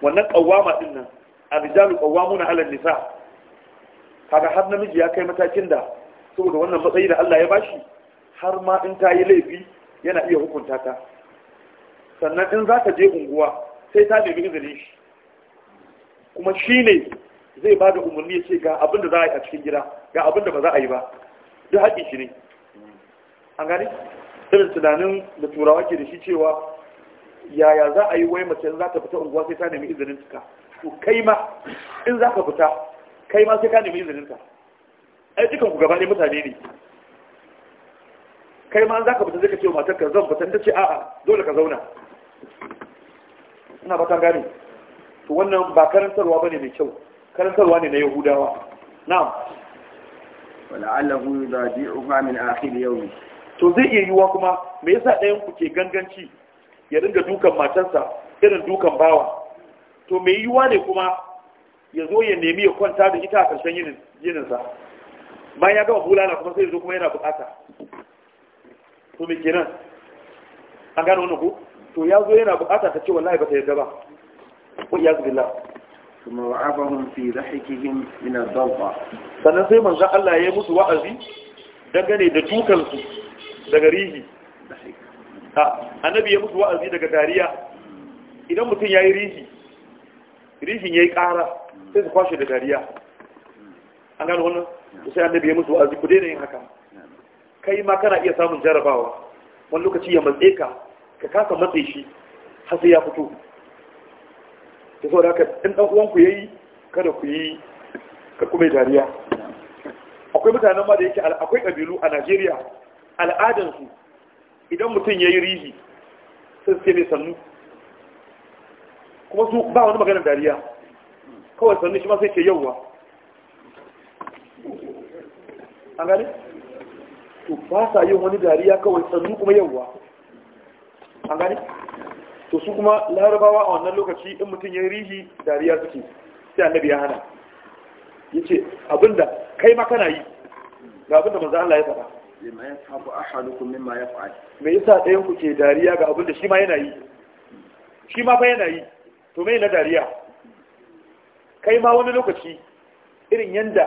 wannan kawama din nan arrijalu na halar nisa kaga har namiji ya kai matakin da saboda wannan matsayi da Allah ya bashi har ma in ta yi laifi yana iya hukunta ta sannan in za ta je unguwa sai ta nemi izinin shi kuma shi ne zai ba da umarni ya ce ga abin da za a yi a cikin gida ga abin da ba za a yi ba duk haƙƙin shi ne an gani irin tunanin da turawa ke da shi cewa yaya za a yi wai mace za ta fita unguwa sai ta nemi izinin ka to kai ma in za ka fita kai ma sai ka nemi izinin ka ai dukan ku gaba ne mutane ne kai ma za ka fita zai ka ce wa matar ka zan fita ta ce a'a dole ka zauna ina ba ta gane to wannan ba karantarwa bane mai kyau karantarwa ne na yahudawa na'am wala'allahu uba min akhir yawmi to zai iya yiwa kuma me yasa ɗayan ku ke ganganci ya dinga dukan matarsa irin dukan bawa to me yiwa ne kuma ya zo ya nemi ya kwanta da ita a ƙarshen yinin yininsa bayan ya gama bulala kuma sai ya zo kuma yana buƙata. to me kenan an gano wannan ku to ya zo yana buƙata ta ce wallahi ba ta yarda ba ko iyazu billah kuma wa'abahum fi dhahikihim min ad-dawqa sannan sai manzo Allah ya musu wa'azi dangane da tukan su daga rihi ha annabi ya musu wa'azi daga dariya idan mutum yayi rihi rihin yayi ƙara sai su kwashe da dariya an gano wannan sai annabi ya musu wa'azi ku daina yin haka kai ma kana iya samun jarabawa wani lokaci ya matse ka ka kasa matse shi har sai ya fito ta sau da haka in ɗan uwan ya yi kada ku yi ka mai dariya akwai mutanen ma da yake akwai ƙabilu a najeriya al'adansu idan mutum ya yi rihi sun ce mai sannu kuma su ba wani maganar dariya kawai sannu shi ma sai ce yauwa an gane? to ba sa yin wani dariya kawai sannu kuma yauwa an gane? to su kuma larabawa a wannan lokaci in mutum ya rihi dariya suke sai annabi ya hana ya ce abinda kai ma kana yi ga abinda manzo Allah ya faɗa lima ya tabu ahadukum mimma yaf'al me yasa ɗayan ku ke dariya ga abinda shi ma yana yi shi ma fa yana yi to me na dariya kai ma wani lokaci irin yanda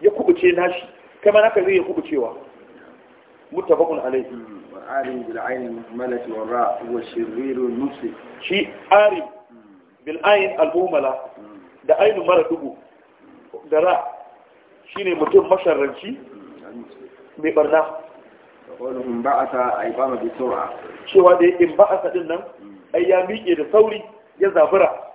ya kubuce nashi kai ma naka zai ya kubucewa متفق عليه عارم بالعين المهملة والراء هو الشرير شيء عارم بالعين da ainihin mara dubu da ra shi mutum masharranci mai barna in ba'asa cewa da in ba'asa din nan ya miƙe da sauri ya zabura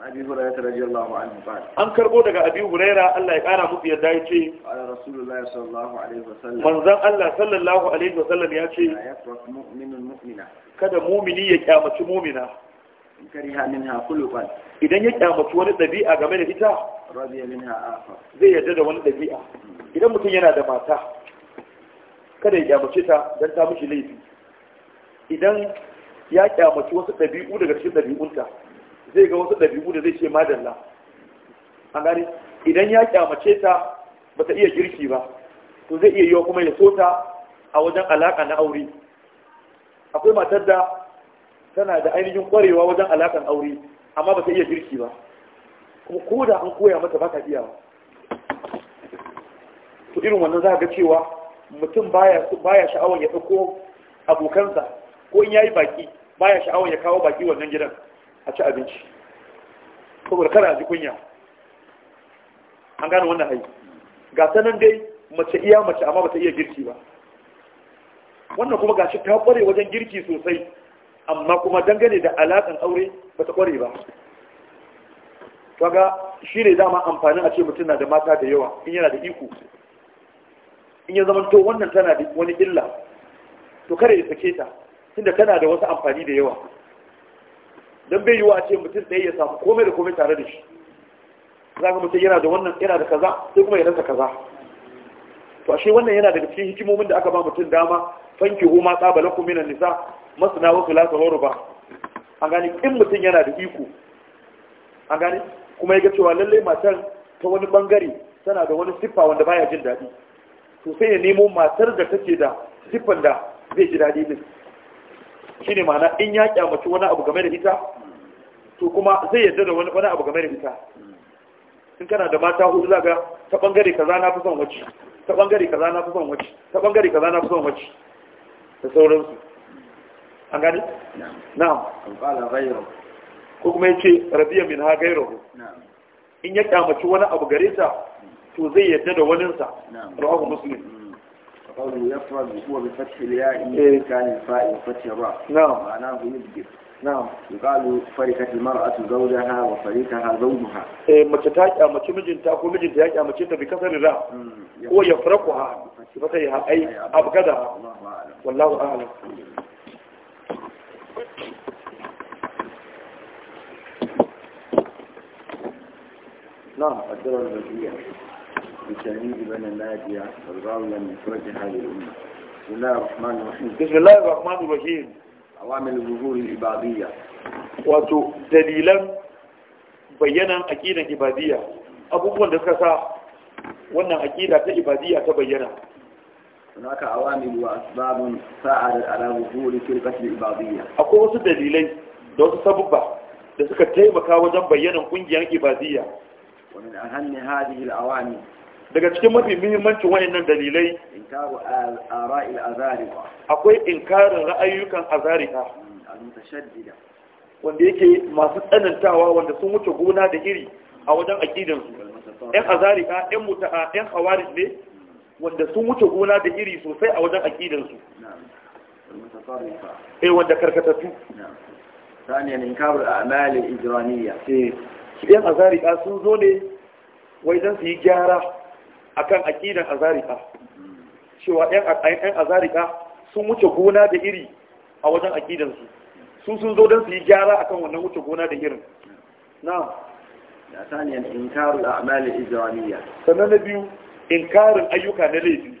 An هريرة daga الله عنه قال ya كربو دقى أبي هريرة الله يقارى مفي يدعي قال رسول الله صلى الله عليه وسلم من idan ya kyamaci wani ɗabi'a game da ita zai yarda da wani ɗabi'a. idan mutum yana da mata kada ya kyamace ta dan ta mishi laifi idan ya kyamaci wasu ɗabi'u daga cikin dabi'unta zai ga wasu ɗabi'u da zai ce madalla A gani idan ya kyamace ta ba ta iya girki ba to zai iya yiwa kuma ya so ta a wajen alaƙa na aure akwai matar da tana da ainihin ƙwarewa wajen alaƙan aure amma ba ta iya girki ba kuma ko da an koya mata ba ta iya ba to irin wannan za ga cewa mutum baya sha'awar ya ɗauko abokansa ko in ya yi baki baya sha'awar ya kawo baki wannan gidan a ci abinci saboda kada a ji kunya an gane wannan hayi ga sanan dai mace iya mace amma bata iya girki ba wannan kuma gashi ta kware wajen girki sosai amma kuma dangane da alakan aure bata kware ba kaga shi ne dama amfanin a ce mutum na da mata da yawa in yana da iko in ya zama to wannan tana da wani illa to kare ya sake ta tunda tana da wasu amfani da yawa don bai yi a ce mutum ɗaya ya samu komai da komai tare da shi za ka mutum yana da wannan yana da kaza sai kuma ya rasa kaza to ashe wannan yana da cikin hikimomin da aka ba mutum dama fanki ma tsabalan kuma minan nisa masana wasu lasa ba an gani in mutum yana da iko an gani kuma ya ga cewa lallai matar ta wani bangare tana da wani siffa wanda baya jin daɗi to sai ya nemo matar da take da siffan da zai ji daɗi din ne ma'ana in ya kyamaci wani abu game da ita to kuma zai yadda da wani abu game da ita in kana da mata hudu zaga ta bangare kaza na fi son wacce ta bangare kaza na fi son wacce ta bangare kaza na fi son wacce da sauransu an gani na'am qala gairo ko kuma yace rabiya min ha gairo in ya kyamaci wani abu gare ta to zai yadda da wani sa rawahu muslim qawlu yafrad huwa bi fathi ya yai in eh. kana fa'il fathi ra na'am ma'ana hu yadbir نعم يقال فريقة المرأة زوجها وفريقها زوجها إيه، متتاج أما آه، تمجن تأكل مجن أما تمجن بكثر آه، الرأ هو يفرقها فتيها أي أبقدها والله أعلم نعم الدرى الرجية بسم الله الرحمن الرحيم بسم الله الرحمن الرحيم awamil zuhurul ibadiyya wato dalilan bayyanan aqidan ibadiyya abubuwan da suka sa wannan aqida ta ibadiyya ta bayyana هناك عوامل وأسباب ساعدت على ظهور فرقة Akwai wasu dalilai da wasu sababba da suka taimaka wajen bayyanan kungiyar ibadiyya wa min ahammi hadhihi al-awani daga cikin mafi muhimmancin wayannan dalilai inkaru ara'il akwai inkarin ra'ayyukan azarika al-mutashaddida wanda yake masu tsanantawa wanda sun wuce gona da iri a wajen aqidan su ɗan azarika ɗan muta'a ɗan khawarij ne wanda sun wuce gona da iri sosai a wajen aqidan su eh wanda karkatatu ƴan azarika sun zo ne wai don su yi gyara. akan aqidan azarika cewa ɗan azarika sun wuce gona da iri a wajen aqidansu su sun zo don su yi gyara akan wannan wuce gona da irin na ثانيا إنكار na biyu سنن بيو ayyuka na laifi.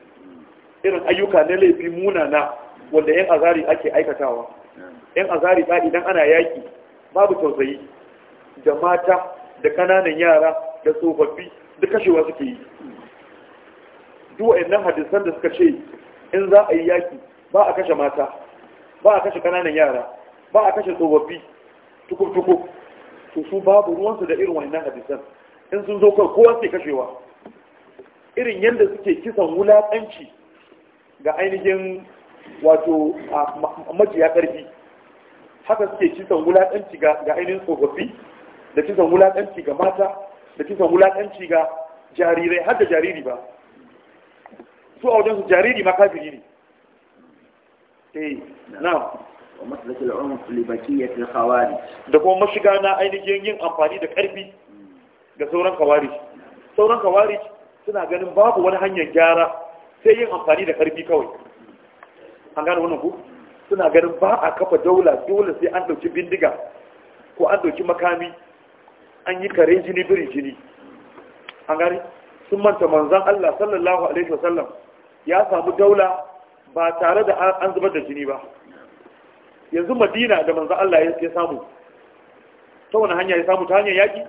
Irin ayyuka na laifi munana wanda yan azari ake aikatawa yan azari ka idan ana yaki babu tausayi da mata da kananan yara da tsofaffi duk kashewa suke yi duk wa'annan hadisan da suka ce in za a yi yaki ba a kashe mata ba a kashe kananan yara ba a kashe tsofaffi tukuk to su babu ruwansu da irin wa'innan hadisan in sun zo kan kowa sai kashewa irin yadda suke kisan wulaƙanci ga ainihin wato majiya ƙarfi haka suke kisan wulaƙanci ga ainihin tsofaffi da kisan wulaƙanci ga mata da kisan wulaƙanci ga jarirai har da jariri ba su a wajen su jariri ma kafiri ne eh na wa maslaki al-umr li bakiyat al-khawarij da kuma mashiga na ainihin yin amfani da karfi ga sauran khawarij sauran khawarij suna ganin babu wani hanyar gyara sai yin amfani da karfi kawai an gane wannan ku suna ganin ba a kafa daula dole sai an dauki bindiga ko an dauki makami an yi kare jini biri jini an gane sun manta manzan Allah sallallahu alaihi wasallam ya samu daula ba tare da an zubar da jini ba yanzu madina da manzo Allah ya samu ta wani hanya ya samu ta hanyar yaƙi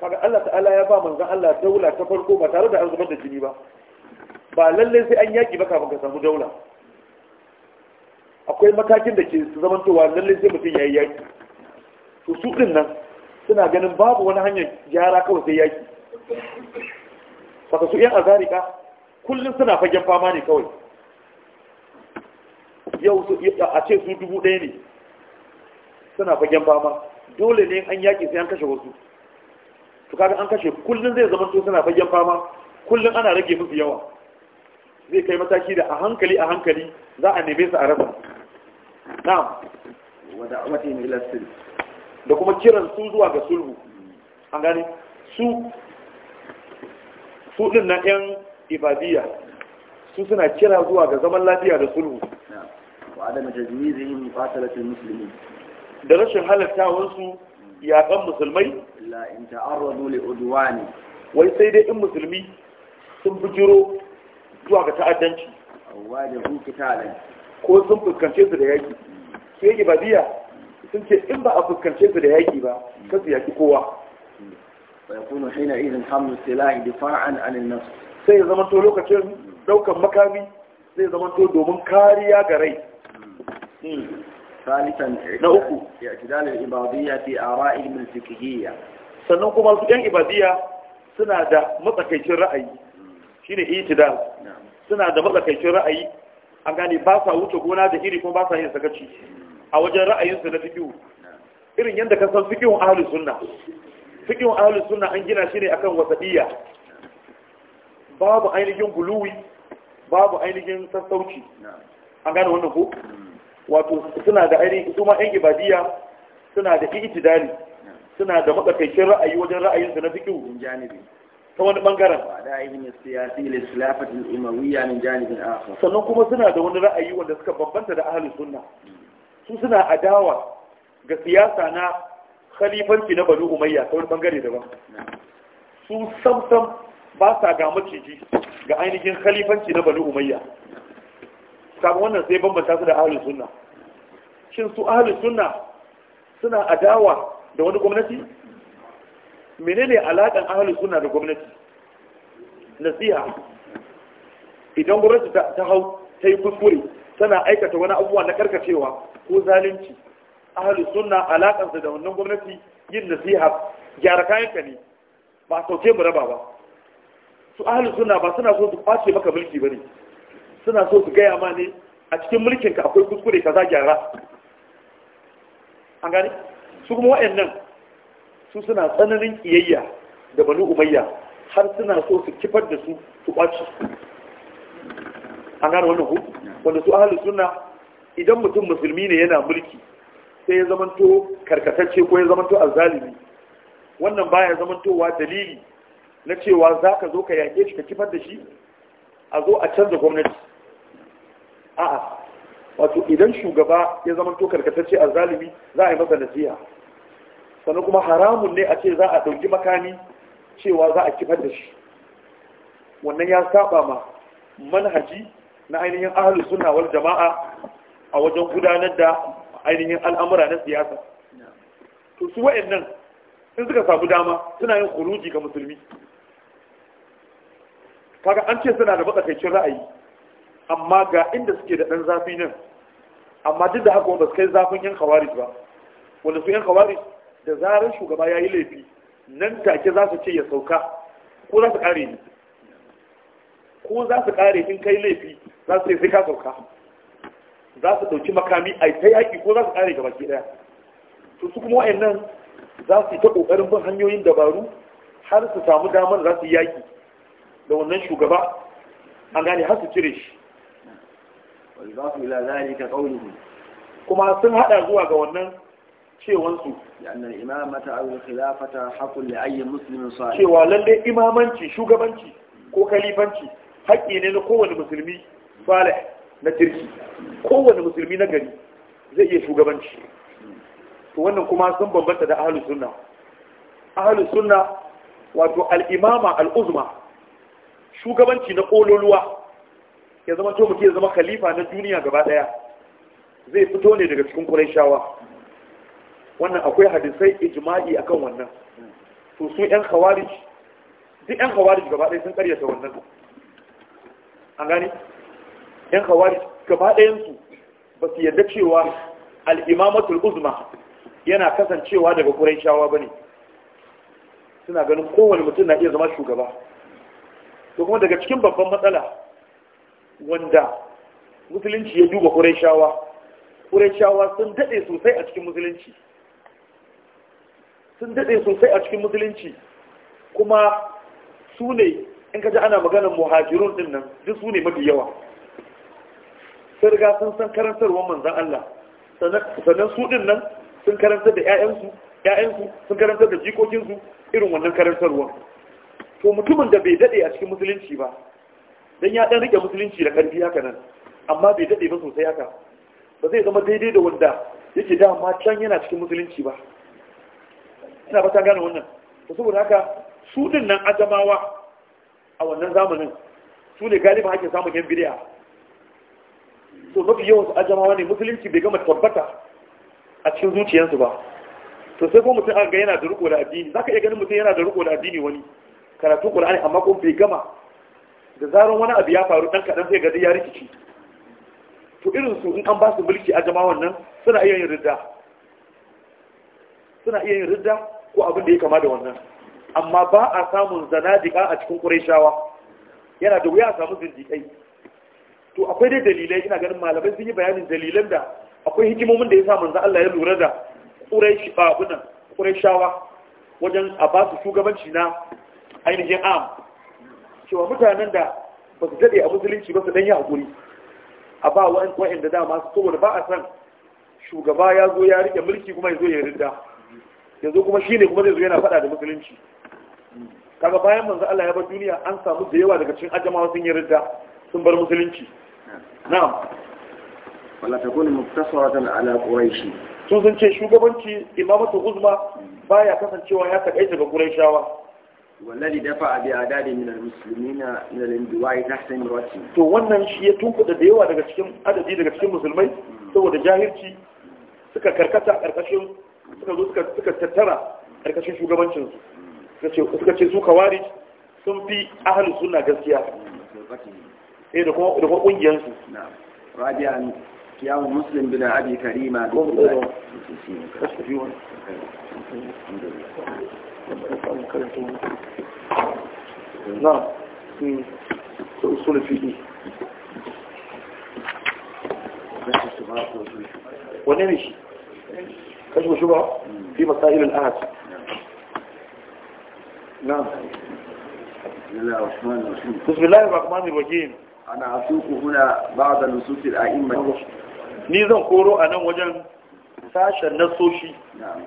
kaga Allah ta'ala ya ba manzo Allah daula ta farko ba tare da an zubar da jini ba ba lallai sai an yaƙi ba kafin ka samu daula akwai matakin da ke su zamantowa lallai sai mutum ya yi yaƙi to su ɗin nan suna ganin babu wani hanyar gyara kawai sai yaƙi saka su 'yan azarika kullum suna fagen fama ne kawai yau a ce su dubu ɗaya ne suna fagen fama dole ne an yaƙi sai an kashe wasu to kaga an kashe kullum zai zama to suna fagen fama kullum ana rage musu yawa zai kai mataki da a hankali a hankali za a neme su a rasa na'am wa da'awatin ila sulh da kuma kiran su zuwa ga sulhu an gane su su din na yan ibadiyya su suna kira zuwa ga zaman lafiya da sulhu wa adam tajmizihim da rashin halattawansu yaƙan musulmai la wai sai dai in musulmi sun bujiro zuwa ga ta'addanci ko sun fuskance su da yaki sai ibadiya sun ce in ba a fuskance su da yaki ba kasu yaki kowa wa yakunu hina idin hamlu silahi difa'an anil nafs sai zama to lokacin daukan makami zai zama to domin kariya ga rai hmm. na uku sannan kuma su yan ibadiyya suna da matsakaicin ra'ayi Shi ne itidal suna da matsakaicin ra'ayi an gane ba sa wuce gona da iri kuma ba sa yin sakaci a wajen ra'ayinsu na fikiyu irin yadda ka san fikihun ahlus sunna fikihun ahlus sunna an gina shi ne akan wasatiyya babu ainihin guluwi babu ainihin sassauci an gane wannan ko wato suna da ainihin su ma ɗan ibadiya suna da ijtidali suna da matsakaicin ra'ayi wajen ra'ayin su na janibi ta wani bangaren sannan kuma suna da wani ra'ayi wanda suka bambanta da ahlus sunna su suna adawa ga siyasa na khalifanci na banu umayya ta wani bangare daban su samsam ba sa ga maciji ga ainihin khalifanci na bani umayya Sabon wannan sai bambanta su da ahlus sunna shin su ahlus sunna suna adawa da wani gwamnati menene alaƙan ahlus sunna da gwamnati nasiha idan gwamnati ta hau ta yi kuskure tana aikata wani abubuwa na karkacewa ko zalunci ahlus sunna alaƙansa da wannan gwamnati yin nasiha gyara kayanka ne ba sauke mu raba ba su ahalin suna ba suna so su kwace maka mulki ba ne suna so su gaya ma ne a cikin mulkinka akwai kuskure kaza gyara an gani su kuma wa'annan su suna tsananin kiyayya da banu umayya har suna so su kifar da su su kwace an gane wannan ku wanda su ahalin suna idan mutum musulmi ne yana mulki sai ya zamanto karkatacce ko ya zamanto azzalimi wannan baya zamantowa dalili na cewa za ka zo ka yaƙe shi ka kifar da shi a zo a canza gwamnati a'a wato idan shugaba ya zama to karkatacce a zalimi za a yi masa nasiha sannan kuma haramun ne a ce za a ɗauki makami cewa za a kifar da shi wannan ya saba ma manhaji na ainihin ahalus suna wal jama'a a wajen gudanar da ainihin al'amura na siyasa to su nan, in suka samu dama suna yin kuruji ga musulmi kaga an ce suna da matsakaicin ra'ayi amma ga inda suke da ɗan zafi nan amma duk da haka ba su kai zafin yan khawarij ba wanda su yan khawarij da zarar shugaba ya yi laifi nan take za su ce ya sauka ko za su kare ni ko za su kare in kai laifi za su ce sai ka sauka za su ɗauki makami a ta yaƙi ko za su kare gaba ɗaya to su kuma wa'annan za su yi ta ƙoƙarin bin hanyoyin dabaru har su samu damar za su yi yaƙi da wannan shugaba an gane har su cire shi والباقي إلى ذلك قوله كما سن هذا زوا ga wannan cewan su yana imamata aw khilafata haqqun li ayyi muslimin salih cewa lalle imamanci shugabanci ko kalifanci haƙƙi ne na kowane musulmi Fale na kirki kowane musulmi na gari zai iya shugabanci to wannan kuma sun bambanta da ahlus sunna ahlus sunna wato al-imama al-uzma shugabanci na ƙololuwa ya zama to mutum ya zama khalifa na duniya gaba daya zai fito ne daga cikin shawa. wannan akwai hadisai ijma'i akan wannan to su yan khawarij duk yan khawarij gaba daya sun karyata wannan an gani yan khawarij gaba dayansu ba su yarda cewa al-imamatul uzma yana kasancewa daga ba bane suna ganin kowane mutum na iya zama shugaba to kuma daga cikin babban matsala wanda musulunci ya duba ƙuraishawa ƙuraishawa sun daɗe sosai a cikin musulunci sun daɗe sosai a cikin musulunci kuma su ne in ka ji ana maganar muhajirun ɗin nan duk su ne mafi yawa sun riga sun san karantarwar manzan Allah sannan su ɗin nan sun karantar da 'ya'yansu 'ya'yansu sun karantar da jikokinsu irin wannan karantarwar ko mutumin da bai dade a cikin musulunci ba dan ya dan rike musulunci da karfi haka nan amma bai dade ba sosai haka ba zai zama daidai da wanda yake dama can yana cikin musulunci ba ina ba ta gane wannan to saboda haka su din nan ajamawa a wannan zamanin su ne galiba ake samun yan bid'a to mafi yawan su ajamawa ne musulunci bai gama tabbata a cikin zuciyarsu ba to sai ko mutum aka ga yana da riko da addini zaka iya ganin mutum yana da riko da addini wani karatun ƙulani amma kuma bai gama da zaron wani abu ya faru dan kaɗan, sai gadi ya rikici to irin su in an ba su mulki a jama wannan, suna iya yin ridda suna iya yin ridda ko abin da ya kama da wannan amma ba a samun zanadika a cikin qurayshawa yana da wuya a samu zindikai to akwai dai dalilai ina ganin malamai sun yi bayanin dalilan da akwai hikimomin da ya sa za Allah ya lura da qurayshi abunan wajen a ba su shugabanci na ainihin am cewa mutanen da ba su daɗe a musulunci ba su ɗanyi guri a ba wa'in da dama saboda ba a san shugaba ya zo ya riƙe mulki kuma ya zo ya rinda ya zo kuma shine kuma zai zo yana faɗa da musulunci kaga bayan manzo Allah ya bar duniya an samu da yawa daga cikin ajamawa sun yi rinda sun bar musulunci na'am wala ta kuni muftasaratan ala quraish sun sun ce shugabanci imamatu uzma baya kasancewa ya takaita ga quraishawa wallahi dafa abi adadi min almuslimina min alindiwai tahta imrati to wannan shi ya tunkuda da yawa daga cikin adadi daga cikin musulmai saboda jahilci suka karkata karkashin suka zo suka tattara karkashin shugabancin su suka ce su kawari sun fi ahlus sunna gaskiya eh da kuma da kuma kungiyar su muslim bin abi Karima. أبي كريمة نعم في أصول الفقه ونمشي كشف شبهة في مسائل الآهات نعم بسم الله الرحمن الرحيم أنا أسوق هنا بعض نصوص الأئمة نعم. نيزن قولوا أنا وجن ساشا نصوشي نعم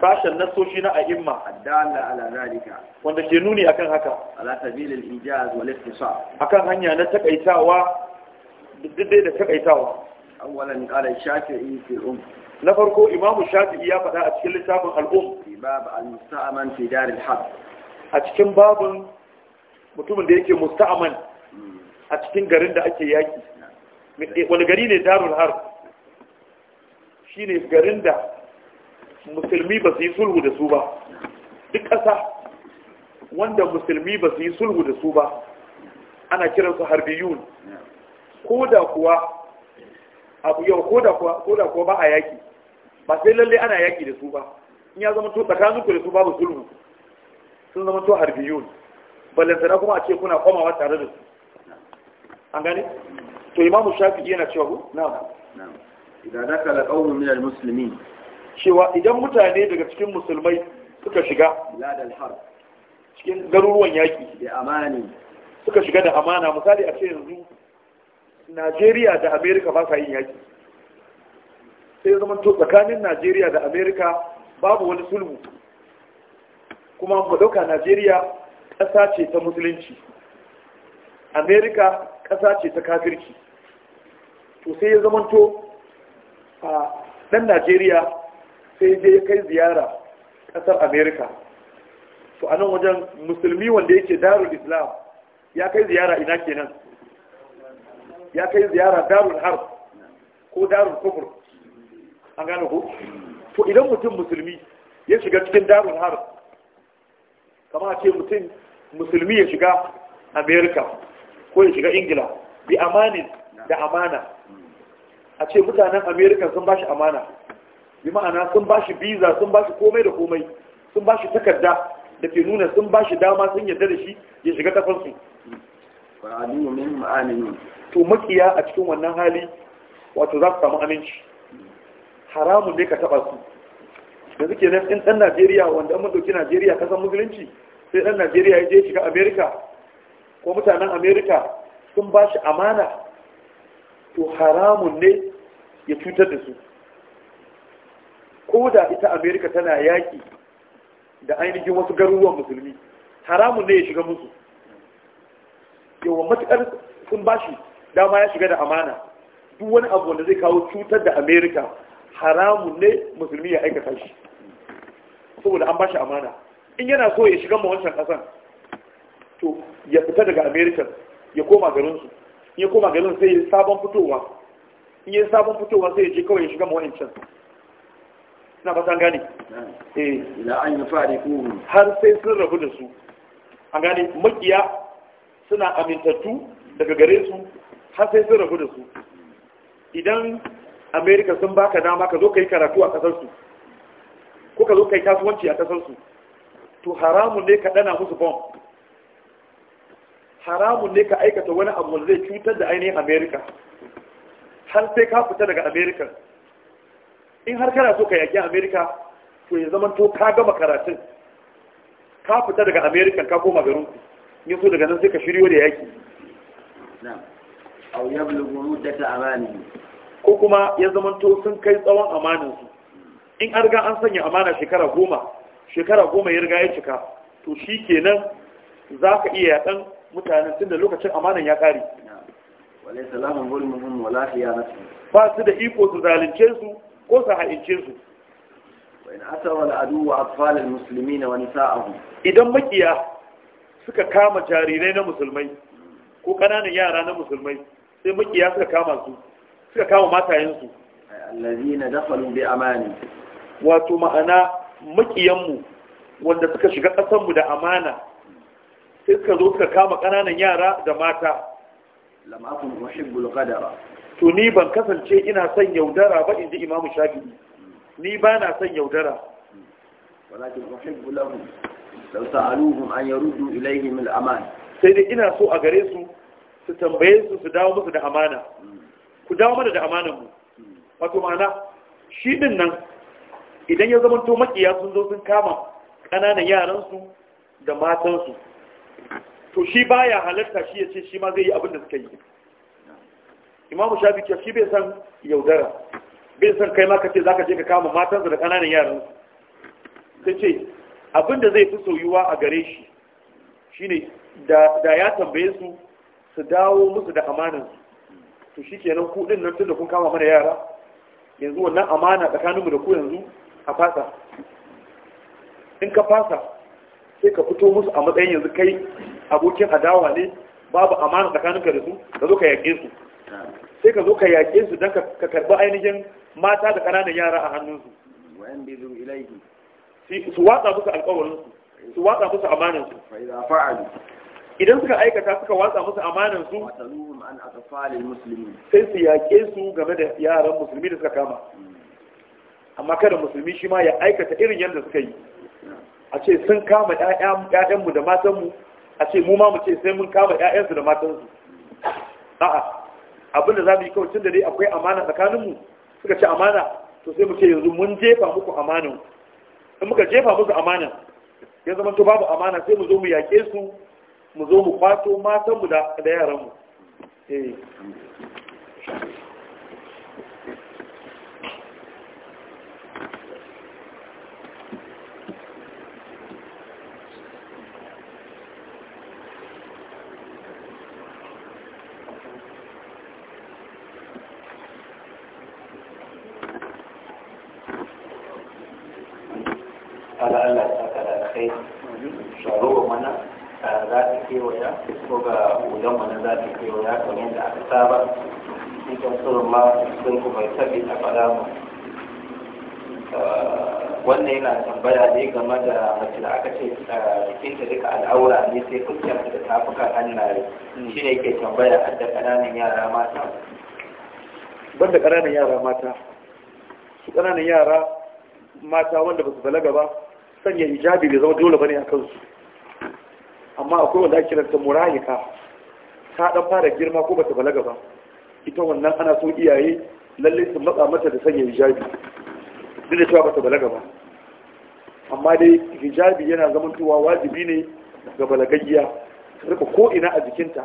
sashen nasoshi na a'imma addalla ala zalika wanda ke nuni akan haka ala sabil al-ijaz wal ikhtisar akan hanya na takaitawa diddai da takaitawa awwalan qala shafi'i fi al-umm na farko imamu shafi'i ya faɗa a cikin littafin al-umm fi bab al-musta'man fi dar al-haq a cikin babun mutumin da yake musta'man hmm. a cikin garin da ake yaki eh, wani gari ne darul harb shine garin da musulmi ba su yi sulhu da su ba duk ƙasa wanda musulmi ba su yi sulhu da su ba ana kiransu harbiyun ko da kuwa abu yau ko da kuwa ba a yaki ba sai lalle ana yaki da su ba in ya zama to tsakanin ku da su babu sulhu sun zama to harbiyun na kuma a ce kuna komawa tare da su an gane to imamu shafi'i yana cewa na'am idan dakala qawmun min al-muslimin cewa idan mutane daga cikin musulmai suka shiga cikin garuruwan yaƙi da amani suka shiga da amana misali a ce yanzu najeriya da amerika ba sa yin yaƙi sai zama to tsakanin najeriya da amerika babu wani sulhu kuma ba ɗauka najeriya ƙasa ce ta musulunci amerika ƙasa ce ta kafirci to sai ya zamanto a ɗan najeriya sai ya kai ziyara ƙasar Amerika. to a nan wajen musulmi wanda yake darul islam ya kai ziyara ina kenan ya kai ziyara darul harb ko darul kufur an gane ko to idan mutum musulmi ya shiga cikin darul harb kama ce mutum musulmi ya shiga Amerika ko ya shiga ingila bi amanin da amana a ce mutanen Amerika sun ba shi amana bi ma'ana sun ba shi biza sun ba shi komai da komai sun ba shi takarda da ke nuna sun ba shi dama sun yarda da shi ya shiga tafansu to makiya a cikin wannan hali wato za su samu aminci haramun ne ka taba su Da suke nan in ɗan najeriya wanda an ɗauki najeriya kasan musulunci sai ɗan najeriya ya je shiga amerika ko mutanen amerika sun ba shi amana to haramun ne ya cutar da su ko da ita amerika tana yaƙi da ainihin wasu garuruwan musulmi haramun ne ya shiga musu yawan matuƙar sun bashi dama ya shiga da amana duk wani abu wanda zai kawo cutar da amerika haramun ne musulmi ya aikata shi saboda an bashi amana in yana so ya shiga ma wancan kasan, to ya fita daga amerika ya koma garinsu in ya koma garin sai ya sabon fitowa in ya sabon fitowa sai ya je kawai ya shiga ma wancan na fasan gane eh ila an har sai sun rabu da su an gane makiya suna amintattu daga gare su har sai sun rabu da su idan america sun baka dama ka zo kai karatu a kasar su ko ka zo kai kasuwanci a kasar su to haramun ne ka dana musu bomb haramun ne ka aikata wani abu zai cutar da ainihin america har sai ka fita daga america in har kana so ka yaki america to ya zama to ka gama karatun ka fita daga america ka koma garin ku Ni so daga nan sai ka shiryo da yaki au da ta amani ko kuma ya zama to sun kai tsawon amanin su in an riga an sanya amana shekara goma shekara goma ya riga ya cika to shi kenan za ka iya yaɗan mutanen tun da lokacin amanan ya ƙare ba su da iko su zalunce su ko su ha'ince su wani asawa al'adu a atfalar musulmi na wani sa'ahu idan makiya suka kama jarirai na musulmai ko ƙananan yara na musulmai sai makiya suka kama su suka kama matayensu allazi na dafalu bi amani wato ma'ana makiyanmu wanda suka shiga ƙasanmu da amana sai suka zo suka kama ƙananan yara da mata to ni ban kasance ina son yaudara ba inji imamu shafi ni ba na son yaudara walakin uhibbu lahum law sa'aluhum an yaruddu ilayhim al-aman sai dai ina so a gare su su tambaye su su dawo musu da amana ku dawo mana da amanan mu wato ma'ana shi din nan idan ya zama to makiya sun zo sun kama ƙananan yaransu da matansu to shi baya halarta shi ya ce shi ma zai yi abin da suka yi imamu shafi ce shi bai san yaudara bai san kai maka ce zaka je ka kama matansa da kananan yaran Ta ce abinda zai fi soyuwa a gare shi shine da da ya tambaye su su dawo musu da amanan to shi ku kudin nan tunda kun kama mana yara yanzu wannan amana tsakaninmu da ku yanzu a fasa in ka fasa sai ka fito musu a matsayin yanzu kai abokin adawa ne babu amana tsakaninka da su ka zo ka yaƙe su sai ka zo ka yaƙe su don ka karɓi ainihin mata da ƙananan yara a hannunsu su watsa musu alƙawarinsu su watsa musu amanansu idan suka aikata suka watsa musu amanansu sai su yaƙe su game da yaran musulmi da suka kama amma kada musulmi shi ma ya aikata irin yadda suka yi a ce sun kama ‘ya'yanmu da matanmu a ce mu ma mu ce sai mun kama ‘ya'yansu da matansu a'a abin da za mu yi kawai tun da dai akwai amana tsakaninmu suka ce amana to sai mu ce yanzu mun jefa muku amanan in muka jefa musu amanan ya zama to babu amana sai mu zo mu yaƙe su mu zo mu kwato matanmu da yaranmu eh. labarai game da mace da aka ce eh, jikinta duka al'aura ne sai fuskanta da tafuka hannaye shi ne ke tambaya har da ƙananan yara mata ban da ƙananan yara mata su ƙananan yara mata wanda ba su balaga ba sanya hijabi bai zama dole bane a kansu amma akwai wanda ake ranta murahika ta dan fara girma ko ba su balaga ba ita wannan ana so iyaye lalle su matsa mata da sanya hijabi duk da cewa ta balaga ba amma dai hijabi yana zamantowa wajibi ne ga balagayya rika ko ina a jikinta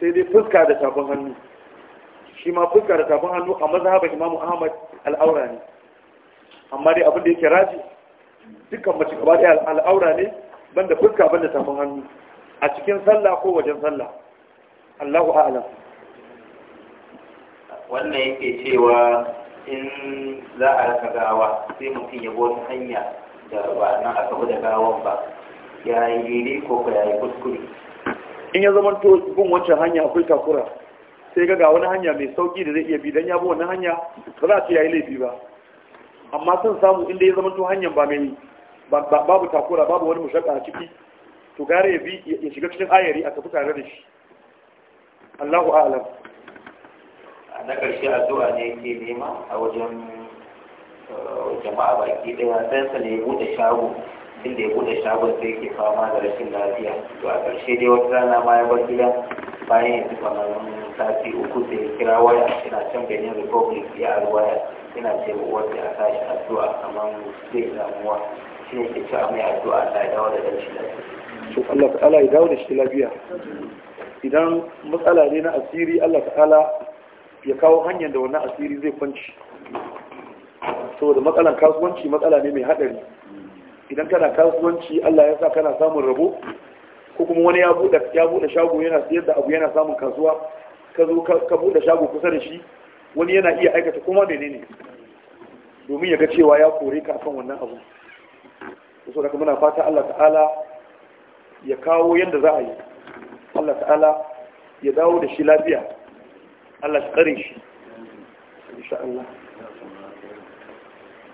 sai dai fuska da tafin hannu shi ma fuska da tafin hannu a mazhaban imamu ahmad al'aura ne amma dai abin da yake raji dukkan mace gaba ɗaya al'aura ne banda fuska banda tafin hannu a cikin sallah ko wajen sallah Allahu a'lam wannan yake cewa in za a rika gawa sai mutum ya bi wata hanya da ba nan aka da gawan ba ya yi daidai ko ka ya yi kuskure in ya zama to bin wancan hanya akwai takura sai ga wani hanya mai sauki da zai iya bi dan ya bi wannan hanya ba za a ce ya yi laifi ba amma sun samu inda ya zama to hanyar ba mai babu takura babu wani mushakka a ciki to gare ya bi ya shiga cikin ayari a tafi tare da shi Allahu a'lam a na ƙarshe addu'a ne yake nema a wajen jama'a baki daya sai sa ne bude shago din da ya bude shago sai ke fama da rashin lafiya to a ƙarshe dai wata rana ma ya bar gida bayan tafi kamar sati uku da ya kira waya yana can benin republic ya alwaya yana ce wata a tashi addu'a kamar zai damuwa shi ne ke cewa mai addu'a da ya dawo da ɗan shi lafiya. to Allah ta'ala ya dawo da shi lafiya idan matsala ne na asiri Allah ta'ala ya kawo hanyar da wannan asiri zai kwanci saboda matsalan kasuwanci matsala ne mai haɗari idan kana kasuwanci Allah ya sa kana samun rabo ko kuma wani ya buɗe shago yana siyar da abu yana samun kasuwa ka zo ka buɗe shago kusa da shi wani yana iya aikata kuma menene domin ya ga cewa ya kore ka akan wannan abu so daga muna fata Allah ta'ala ya kawo yadda za a yi Allah ta'ala ya dawo da shi lafiya Allah ya kare shi insha Allah